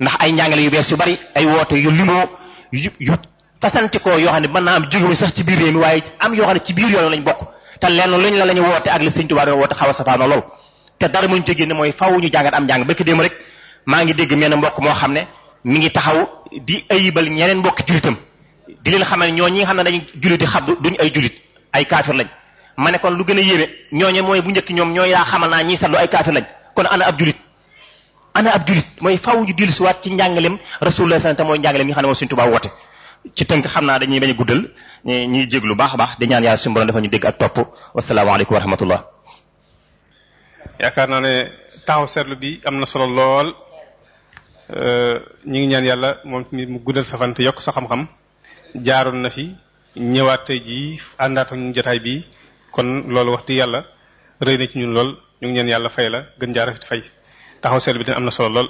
ndax ay njàngale yu bees yu bari ay woote yu limoo yu fasantikoo yoo xam ne naa am juróomi sax ci biir réew mi waaye am yoo xam ne ci biir yoon lañ bokk te lenn luñ la la ñu woote ak la sëñ Tuubaa doon woote xaw a safaano lool te mooy faw ñu jàngat am njàng maa ngi dégg menn mbokk moo xam ne mi ngi taxaw di ayibal ñeneen mbokki julitam di leen xamal ñoo ñi nga xam ne dañu juliti xab duñu ay julit ay kaafir lañ ma ne kon lu gën a yéeme ñooñe mooy bu njëkk ñoom ñooy xamal naa ñiy sallu ay kaafir mooy faw ñu ci njàngalem rasulullah sallallahu alayhi wasallam mooy njàngalem yi nga xam ne mooy Sëñ woote ci tënk xam naa dañuy bañ a guddal ñu ñuy jéglu baax a baax di ñaan yàlla suñu borom dafa ñu dégg ak topp wasalaamaaleykum wa rahmatullah yaakaar naa ne taxaw seetlu bi am na solo lool ñu ngi ñaan yàlla moom tamit mu guddal sa fan te xam-xam jaaroon na fi ñëwaat tey jii àndaat ak kon loolu wax dëgg yàlla rëy na ci ñun lool ñu ngi ñaan yàlla fay la gën jaarafit fay taxaw seetlu bi tamit am na solo lool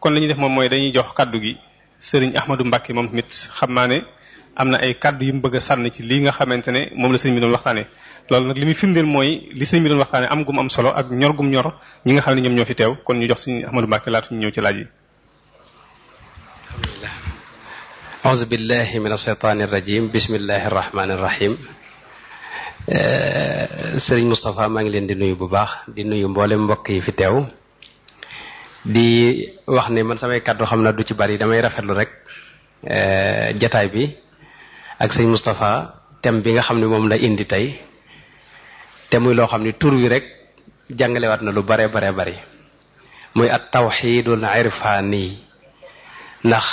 kon li ñuy def moom mooy dañuy jox kàddu gi sëriñ Ahmadou Mbacke moom mit xam naa ne am na ay kàddu yu mu bëgg sànn ci lii nga xamante ne moom la sëriñ bi doon waxtaanee loolu nag li muy firndeel mooy li sëriñ bi doon waxtaanee am gum am solo ak ñor gum ñor ñi nga xam ne ñoom ñoo fi teew kon ñu jox sëriñ Ahmadou Mbacke laatu ñu ñëw ci laaj yi. alhamdulilah. auzu billahi mina shaytaani rajim bismillahi rahmaani rahim. Eh, sëriñ Moustapha maa ngi leen di nuyu bu baax di nuyu mboolem mbokk yi fi teew. di wax ne man samay kàddu xam na du ci bari damay rafetlu rek eh, jataay bi ak sëñ Moustapha thème bi nga xam ne moom la indi tey te muy loo xam ne tur wi rek jàngalewaat na lu bare bare bari muy at tawxiidul nii ndax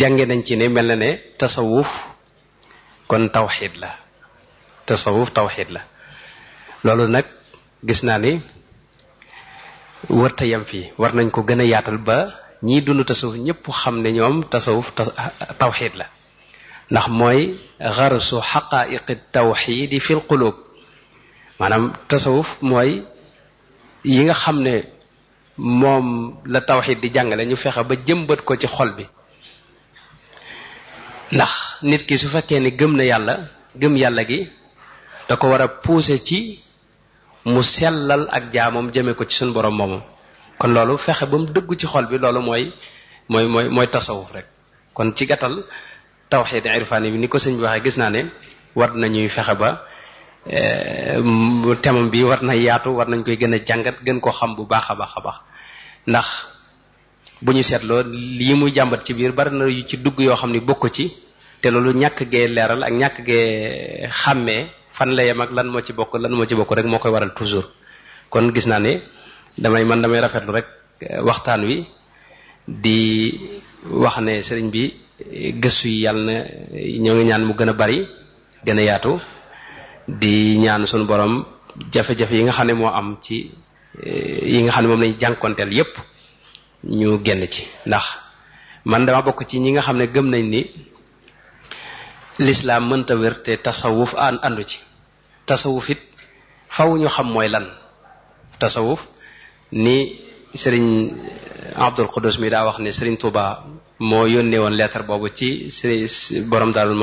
jànge nañ ci ne mel na ne tasawuf kon tawxiid la tasawuf tawxiid la loolu nag gis naa ni wërta yem fii war nañ ko gën a yaatal ba ñiy dund tasawuf ñëpp xam ne ñoom tasawuf tawxid la ndax mooy xarsu xaqaiqi tawxidi fil qulub maanaam tasawuf mooy yi nga xam ne moom la tawxid di jàngale ñu fexe ba jëmbat ko ci xol bi ndax nit ki su fekkee ne gëm na yàlla gëm yàlla gi da ko war a ci mu sellal ak jaamam jëmee ko ci suñu borom moomam kon loolu fexe ba mu dëgg ci xol bi loolu mooy mooy mooy mooy tasawuf rek kon ci gàttal tawxiid irfaani bi ni ko sëñ bi waxee gis naa ne war nañuy fexe ba eh, thème bi war na yaatu war nañ koy gën a jàngat gën koo xam bu baax a baax a baax ndax bu ñu seetloo lii muy jàmbat ci biir bari na yu ci dugg yoo xam ne bokk ci te loolu ñàkk gee leeral ak ñàkk gee xàmmee fan la yem ak lan moo ci bokk lan moo ci bokk rek moo koy waral toujours kon gis naa ne damay man damay rafetlu rek eh, waxtaan wi di wax ne sëriñ bi eh, gëstu yi yàlla na eh, ñoo ngi ñaan mu gën a bari gën a yaatu di ñaan sunu borom jafe-jafe yi nga xam ne moo am ci yi nga xam ne moom lañ jànkonteel yépp ñu génn ci ndax man dama bokk ci ñi nga xam ne gëm nañ ni lislaam mënta wér te tasawuf an àndu ci tasawuf it faw ñu xam mooy lan tasawuf ni sëriñ eh, Abdul mi daa wax ne sëriñ Tuuba moo yónnee woon lettre boobu ci sëriñ borom Daarul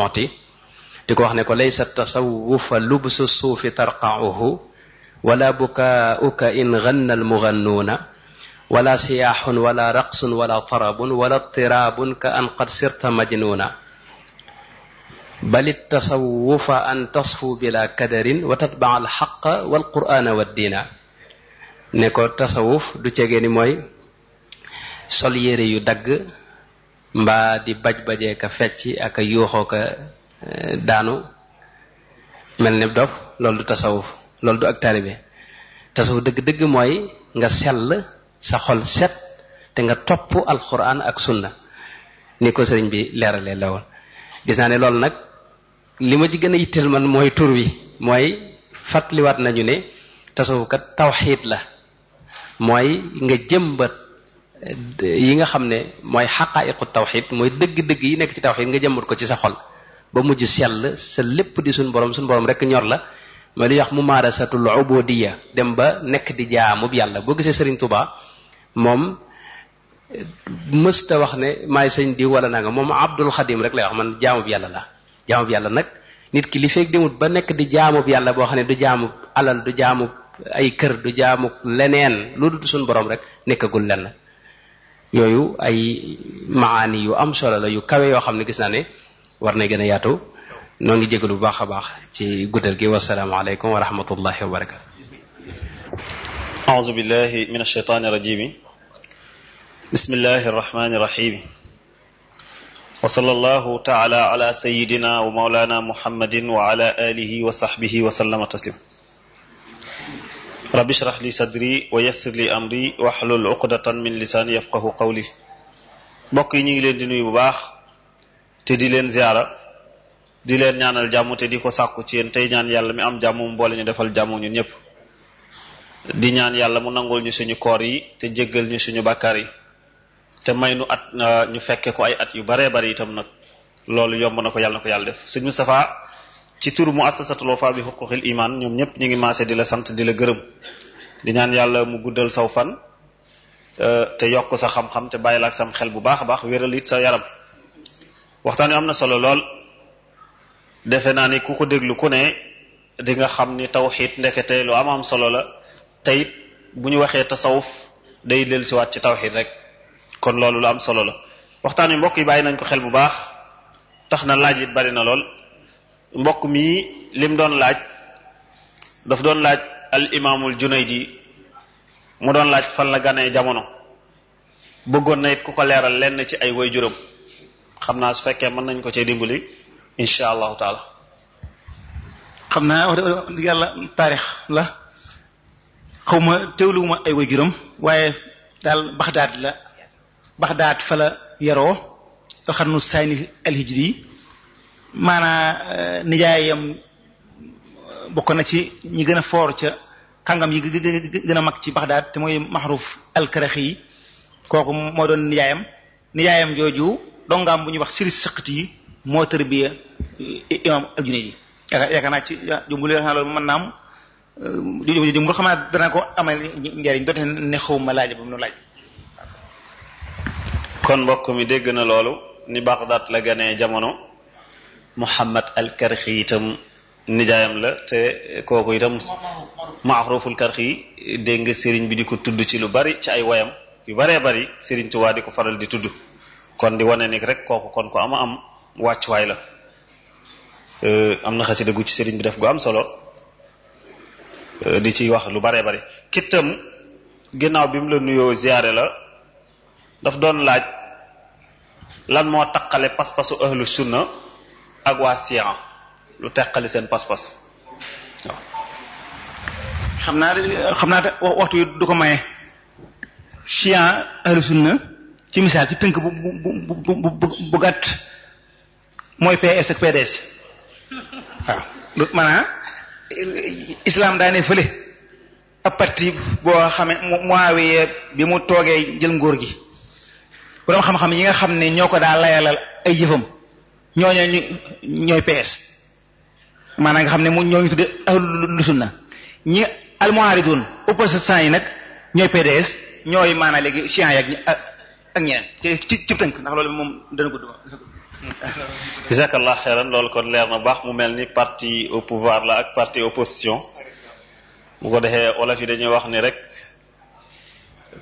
di ko wax ne ko laysa tasawufa lubsu suufi tarqauhu wala bukaauka in ganna almugannuuna wala siyaaxun wala raqsun wala tarabun wala tirabun ka an qad sirta majnuuna bal tasawufa an tasfu bila kadarin wa tatbaa al xaqa wal qurana wa diina ne ko tasawuf du cegee ni mooy sol yére yu dagg mbaa di baj-bajee ka fecc ak a yuuxoo ka eh, daanu mel ni dof loolu du tasawuf loolu du ak taalibe tasawuf dëgg-dëgg mooy nga sell sa xol set te nga topp alquran ak sunna ni ko sëriñ bi leerale la woon gis naa ne loolu nag li ma ci gën a yitteel man mooy tur wi mooy fàttaliwaat nañu ne tasawukat tawxiid la mooy nga jëmbat eh, yi nga xam ne mooy xaqaayiqu tawxiid mooy dëgg-dëgg yi nekk ci tawxiid nga jëmbat ko ci sa xol ba mujj sell sa lépp di suñ borom suñ borom rek ñor la mooy li ñuy wax mumaarasatul ubudiyya dem ba nekk di jaamub yàlla boo gisee Serigne Touba moom eh, mësta wax ne maay sëñ diw wala nanga moom Abdul Xadim rek lay wax man jaamub yàlla la jaamub yàlla nag nit ki li feeg ba nekk di jaamub yàlla boo xam ne du jaamu alal du jaamu ay kër du jaamu leneen lu dul suñu borom rek nekkagul lenn yooyu ay maani yu am solo la yu kawe yoo xam ne gis naa ne war na gën a yaatu noo ngi jégalu bu baax a baax ci guddal gi wasalaamaaleykum wa rahmatullahi wa barakatu aouzu billahi min alsheytani irajimi bismillahi arrahmani irrahim wa sallallahu taala ala sayidina wa maulana muhammadin wa ala alihi wa sahbihi wa sallama taslim rabbi shrah li sadri wa yassir li amri wahlul uqdatan min lisaani yafqahu qawli mbokk yi ñu ngi leen di nuyu bu baax te di leen ziara di leen ñaanal jàmm te di ko sàkku ci yéen tey ñaan yàlla mi am jàmm mu boole ñu defal jàmm ñun ñëpp di ñaan yàlla mu nangul ñu suñu koor yi te jéggal ñu suñu bàkkaar yi te may nu at ah, ñu fekkee ko ay at yu baree bari itam nag loolu yomb na ko yàlla na ko yàlla def sëñ safaa ci tur mu assasatul wafa bi xuquqil imaan ñoom ñëpp ñu ngi maase di la sant di la gërëm di ñaan yàlla mu guddal saw fan ah, te yokk sa xam-xam te bàyyi la sam xel bu baax a baax wéral it sa yaram waxtaan wi am na solo lool defe naa ni ku ko déglu ku ne di nga xam ni taw xiit ndekete lu am am solo la tey bu ñu waxee tasawuf day dellusiwaat ci tawxiid rek kon loolu lu am solo la waxtaan wi mbokk yi bàyyi nañ ko xel bu baax tax na laaj it bari na lool mbokk mi lim doon laaj daf doon laaj al imaamul ji mu doon laaj fan la ganee jamono bëggoon na it ku ko leeral lenn ci ay way juróom xam naa su fekkee mën nañ ko cee dimbali insha allahu taala xam naa wax dëgg yàlla taarix la xawma teewluwuma ay way juróom waaye daal baxdaad la baxdaat fala la yaroo xarnu saani alhijri maanaa nijaayam bokk na ci ñi gën a foor ca kàngam yi gën a mag ci baxdaat te mooy maxruf alkaraxi yi kooku moo doon nijaayam nijaayam jooju dongaam bu ñuy wax siri sëqati yi moo tërbiya imam aljune yi yaakaar naa ci jumbule xam loolu mën naam jumbule xam naa dana ko amal njariñ doote ne xawma laaj ba mu nu laaj kon mbokk mi dégg na loolu ni Baxdaad la ganee jamono Muhammad al-Karxi itam nijaayam la te kooku itam Maxruuful Karxi dégg nga sëriñ bi di ko tudd ci lu bari ci ay woyam yu baree bari sëriñ Tuubaa di ko faral di tudd kon di wane ni rek kooku kon ko ama am wàccuwaay la euh, am na xasida gu ci sëriñ bi def gu am solo euh, di ciy wax lu bare bari kittam ginnaaw bi la nuyoo ziyaare la daf doon laaj lan moo taqale pas-pasu ahlu sunna ak waa siyan lu teqali seen pas-pas waaw xam naa xam naa waxtu yu du ko maye siyan ahlu sunna ci misaal ci tënk bu bu bu bu gàtt mooy PS ak PDS waaw lu maanaam islam fële ab boo xamee mu Muawiya bi mu toogee jël nguur gi borom xam-xam ñi nga xam ne ñoo ko daal layalal ay jëfam ñooñu ñu ñooy PS maanaam nga xam ne mu ñoo ñu tudde na sunna ñi almuaridun opposition yi nag ñooy PDS ñooy maanaam léegi chiens yi ak ak ñeneen te ci ndax loolu moom dana gudd jazakallah xeeran loolu kon leer na baax mu mel ni parti au pouvoir la ak parti opposition bu ko defee wolof yi dañuy wax ni rek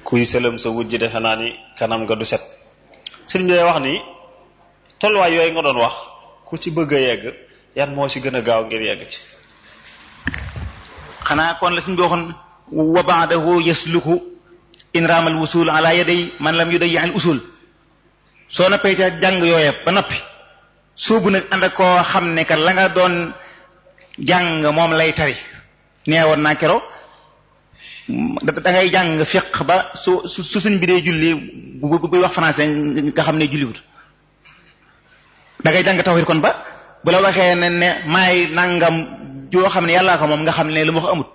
kuy sëlëm sa wujj defe naa ni kanam nga du set sëriñ bi wax ni tolluwaay yooyu nga doon wax ku ci bëgg a yegg yan moo ci gën a gaaw ngir yegg ci xanaa kon la suñ bi waxoon wa ba'dahu yasluku man lam yuday al usul soo noppee ca jàng yooya ba noppi suubu nag ànd ak koo xam ne ka la nga doon jàng moom lay tari neewoon naa kero da ngay jàng fiq ba su su suñ bi dee julli bu buy wax français nga xam ne julliwut da ngay jàng tawhid kon ba bu la waxee ne ne nangam joo xam ne yàllaa ko moom nga xam ne lu moo ko amut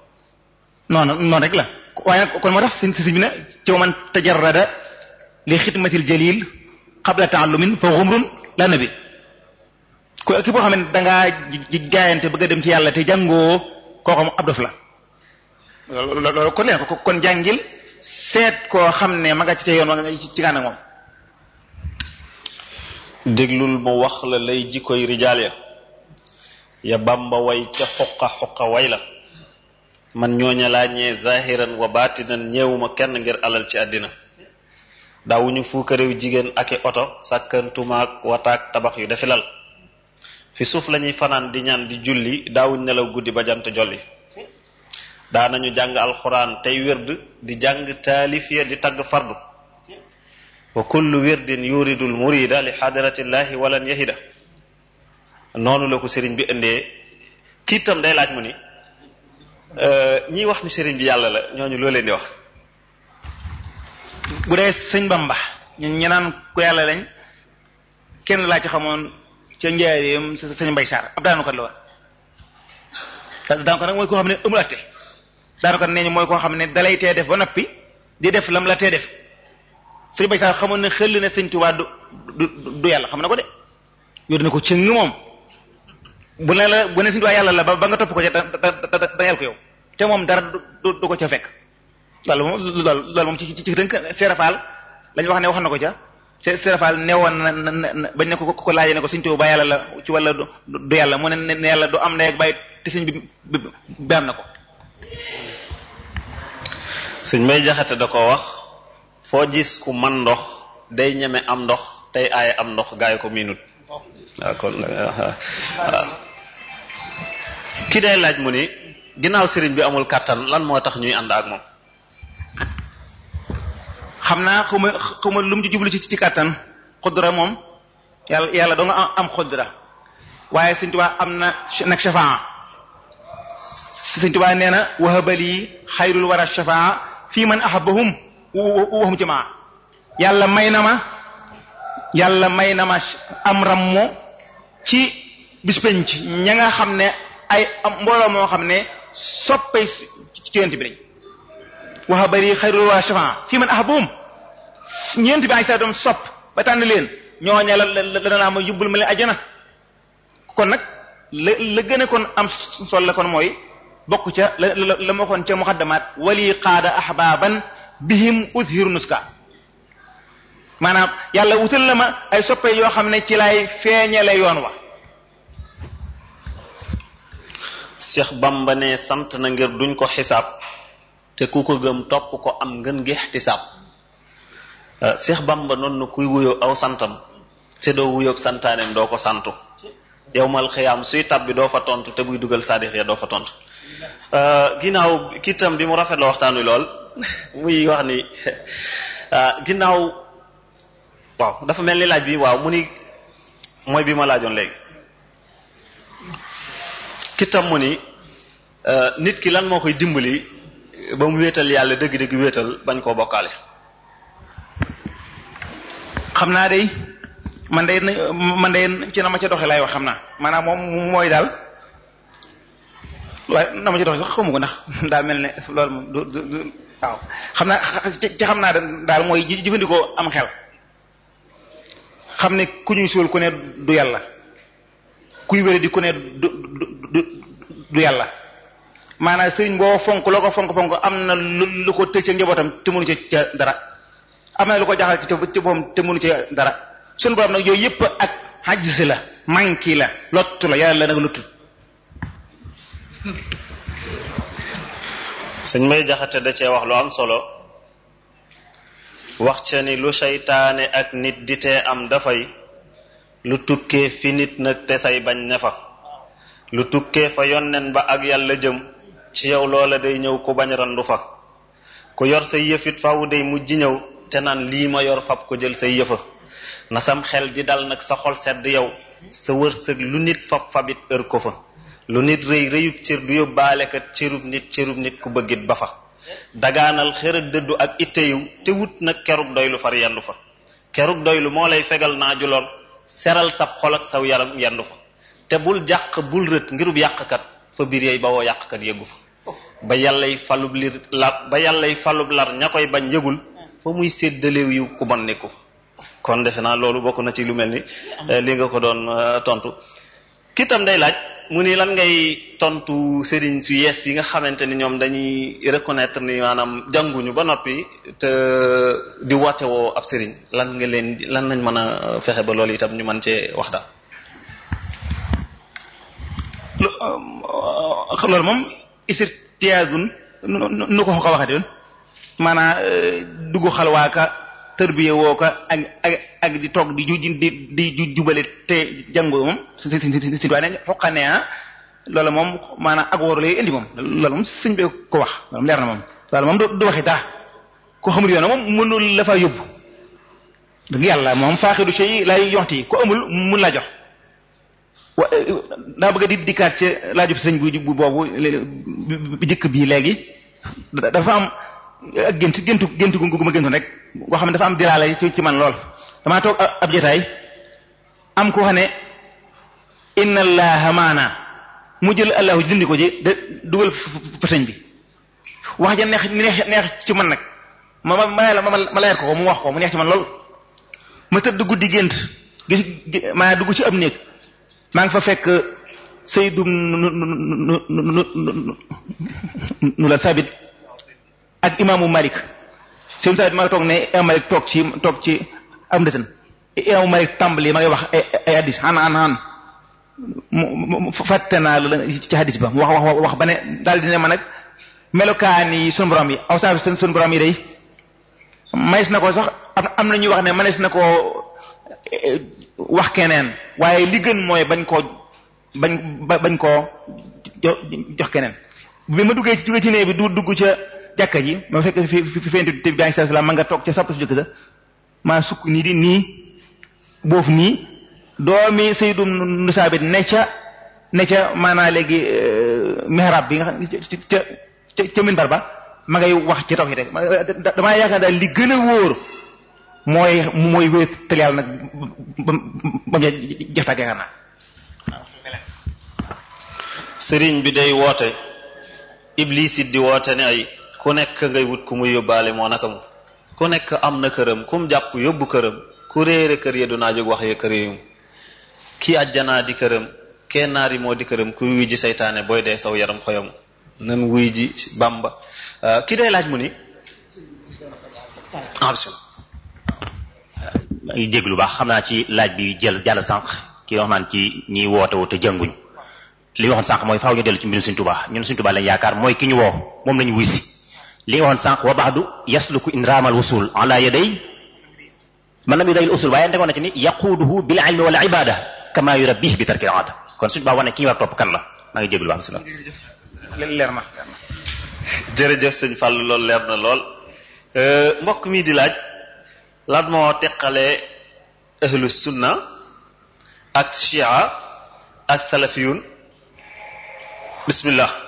noonu rek la waaye kon moo tax si suñ bi ne ci man tajarrada li xidmatil jalil qabla taallumin fa xumrun la nabi ko ki boo xam ne danga jaayante bëgg a dem ci yàlla te jàngoo kooku ab dof la loolu kon ko kon jàngil seet koo xam ne ma nga ci yoon ci nga ci gànna moom déglul mu wax la lay jikkoy rijaal ya ya bamba way ca xoqa xoqa way la man ñooña laa ñee zahiran wa baatinan ñeewuma kenn ngir alal ci àddina daawuñu fuukaréew jigéen ak i oto sàkkantumaak wataak tabax yu defi lal fi suuf lañuy fanaan di ñaan di julli daawuñ nelaw guddi ba jant jolli daanañu jàng alquran tey wird di jàng taalif ya di tagg fardu wa kullu wirdin yuridu lmurida li xadratillahi walan yahida noonu la ko sëriñ bi indee kiitam day laaj mu ni euh, ñiy wax ni sëriñ bi yàlla la ñooñu loo di wax bu dee sëñ bamba ñun ñi naan ku yàlla lañ kenn laaj ci xamoon ca njaareem sëñ mbay saar ab daanu la woon daanu ko nag mooy koo xam ne amul atte daanaka nee ñu mooy koo xam ne dalay tee def ba noppi di def lam la tee def sëñ Bay Saar xamoon ne xëll na sëñ Tuubaa du du du yàlla xam na ko de yor na ko ci ngi moom bu ne la bu ne sëñ Tuubaa la ba ba nga topp ko ca dangeel yow te dara du ko ca fekk loolu moom loolu moom ci ci tënk seerafaal lañu wax ne wax na ko ca seerafaal neewoon na na bañ ne ko ko laajee ne ko sëñ Tuubaa yàlla la ci walla du yàlla mu ne ne yàlla du am na ak bàyyi te sëñ bi bi am na ko suñ may jaxate da ko wax foo gis ku man ndox day ñeme am ndox tey aaye am ndox gaay ko minut waaw day laaj mu ni ginnaaw sëriñ bi amul kàttan lan moo tax ñuy ànd ak moom xam naa xuma xuma lu mu ci jublu ci ci kàttan xudra moom yàlla yàlla doo nga am xudra waaye sëriñ Tuubaa am na nag shafaa sëñ nee na wahabali xayrul wara shafaa fii man ahabbahum wahum jamaa yàlla may na ma yàlla may na ma am ci bis ña nga xam ne ay mbooloo moo xam ne soppay ci yonent bi lañ wahabali xayrul fii man ahabbahum ñeent bi ay sa doom sopp ba tànn leen ñooña la la la naa ma yubbul ma leen ajana kon nag la gën kon am sol la kon mooy bokk ca la la la ma waxoon ca muqaddamaat wali qaada ahbaban bihim uzhiru nuska maanaam yàlla wutal la ma ay soppe yoo xam ne ci lay feeñale yoon wa Seex Bamba ne sant na ngir duñ ko xisaab te ku ko gëm topp ko am ngën gi ixtisaab euh, Seex Bamba noonu na kuy wuyoo aw santam te doo wuyoo santaaneem doo ko santu yowmal xiyaam suy tab bi doo fa tontu te buy dugal saadix ya doo fa tontu Euh, ginnaaw kiitam bi mu rafet la waxtaan wi lool muy wax ni euh, ginnaaw waaw dafa mel ni laaj bi waaw mu ni mooy bi ma laajoon léegi kitam mu ni euh, nit ki lan moo koy dimbali ba mu wéetal yàlla dëgg-dëgg wéetal bañ koo bokkaale xam naa day man day man day ci na ma ca doxe wax xam naa maanaam moom mooy daal waaye na ma ci dox sax xamu ko ndax daa mel ne loolu moom du du du waaw xam naa xam naa daal mooy jëfandikoo am xel xam ne ku ñuy suul ku ne du yàlla kuy wére di ku ne du yàlla maanaa sëriñ boo fonk loo ko fonk fonk am na lu ko tëj ca njabootam te mënu ca dara am na lu ko jaxal ci ci te mënu ca dara suñu borom nag yooyu yëpp ak xajj la manki la lottu la yàlla la nag lottu sëñ may jaxate da cee wax lu am solo wax ca ni lu seytaane ak nit di te am dafay lu tukkee fi nit nag te say bañ ne fa lu tukkee fa yonnen ba ak yàlla jëm ci yow loola day ñëw ku bañ randu fa ku yor say yëfit faw day mujj ñëw te naan lii ma yor fab ko jël say yëfa na sam xel di dal nag sa xol sedd yow sa wërsëg lu nit fab fabit ër ko fa lu nit rëy rëyub cër du yóbbaale kat cërub nit cërub nit ku bëggit ba fa dagaanal xër ak dëddu ak itteyu te wut nag kerug doylu far yendu fa kerug doylu moo lay fegal naa lool seral sab xol ak saw yaram yendu fa te bul jàq bul rët ngirub kat fa biir yey ba woo yàqkat yëgu fa ba yàllay falub lir lar ña koy bañ yëgul fa muy séddaleew yiw ku bon nekku fa kon defe naa loolu bokk na ci lu mel ni eh, li nga ko doon eh, tontu kitam day laaj mu ni lan ngay tontu sëriñ su yees yi nga xamante ni ñoom dañuy reconnaître ni maanaam jànguñu ba noppi te di woote woo ab sëriñ lan nga leen lan lañ mën a fexe ba loolu itam ñu mën cee wax daal. xam euh, loolu moom isir tiyaadun nu ko xoo ko waxati woon maanaam euh, xalwaaka tërbiye woo ko ak ak di toog di ju jubale te jàngoo moom si si si si waaye xoqane ah loolu moom maanaam ak wóor lay indi moom loolu moom sëñ bi ko wax loolu leer na moom loolu moom du waxi ko xamul yoon moom mënul la yàlla moom faaxidu shay lay yonti ko amul mun laa jox. wa daa bëgg di dikkaat ci laajub sëñ bu boobu bi jëkk bii léegi dafa am. ak gént géntu géntu gu ma géntoon rek goo xam ne dafa am diraale ci ci man lool damaa toog ab jotaay am ko xam ne inna allaha mu jël allahu dindi ko ji de dugal fasañ bi wax ja neex neex ci man nag ma ma ma leer ko mu wax ko mu neex ci man lool ma tëdd guddi gént maa dugg ci ab néeg maa ngi fa fekk Seydou nu nu nu nu nu nu la sabit ak imaamu Malik sëñ Saaliw ma nga toog ne imaamu Malik toog ci toog ci am ndëtën imaamu Malik tàmbali ma ngay wax ay ay hadis xan xan xan mu fàtte naa la ci hadis ba mu wax wax wax ba ne daal di ne ma nag melokaan yi sunu borom yi aw sun sunu borom yi day manees na ko sax am na ñuy wax ne manees na ko eh, wax keneen waaye li gën mooy bañ koo bañ bañ koo jox keneen bi ma duggee ci duggee ci néeg du dugg ca. jàkka ji ma fekk fi fi fent bi bi alayhi salaam man nga toog ca sapp su jëkk sa maa sukk nii di nii boof nii doomi Saydu nu Saabit ne ca ne ca maanaam léegi euh, mihrab bi nga xam ca ca ca minbar ba ma ngay wax ci tawhid rek damaa yaakaar daal li gën a wóor mooy mooy wéetal yàlla nag ba ba mu jeex tàggee xanaa sëriñ bi day woote iblis it di woote ne ay ku nekk ngay wut ku mu yóbbaale moo naka mu ku nekk am na këram kum jàpp yóbbu këram ku réere kër ya du naa jóg wax kër yum kii àjjanaa di këram kenn naari moo di këram ku wuy ji seytaane booy saw yaram xoyamu nan wuy ji bamba euh, ki day laaj mu ni ah bismillah maa ngi baax xam naa ci laaj bi jël jàll sànq ki wax ci ñiy woote wu te jënguñu li waxoon sànq mooy faaw ñu dellu ci mbirum Sëriñ Tuubaa ñun Sëriñ Tuubaa lañ yaakaar mooy ki ñu woo moom lañu wuy si li nga waxoon sànq wa baxdu yasluku in raamal wusul ala yaday man lam yudayil usul waaye ndegoon na ci ni yaquuduhu bil ilmi wal ibada kama yurabbih bi tarkil aada kon suñu baa wane kii war topp kan la maa ngi jégul baax bisimilah leer na jërëjëf sëñ Fall loolu leer na lool euh, mbokk mii di laaj lan moo teqale ahlu sunna ak chia ak salafiyun bismillah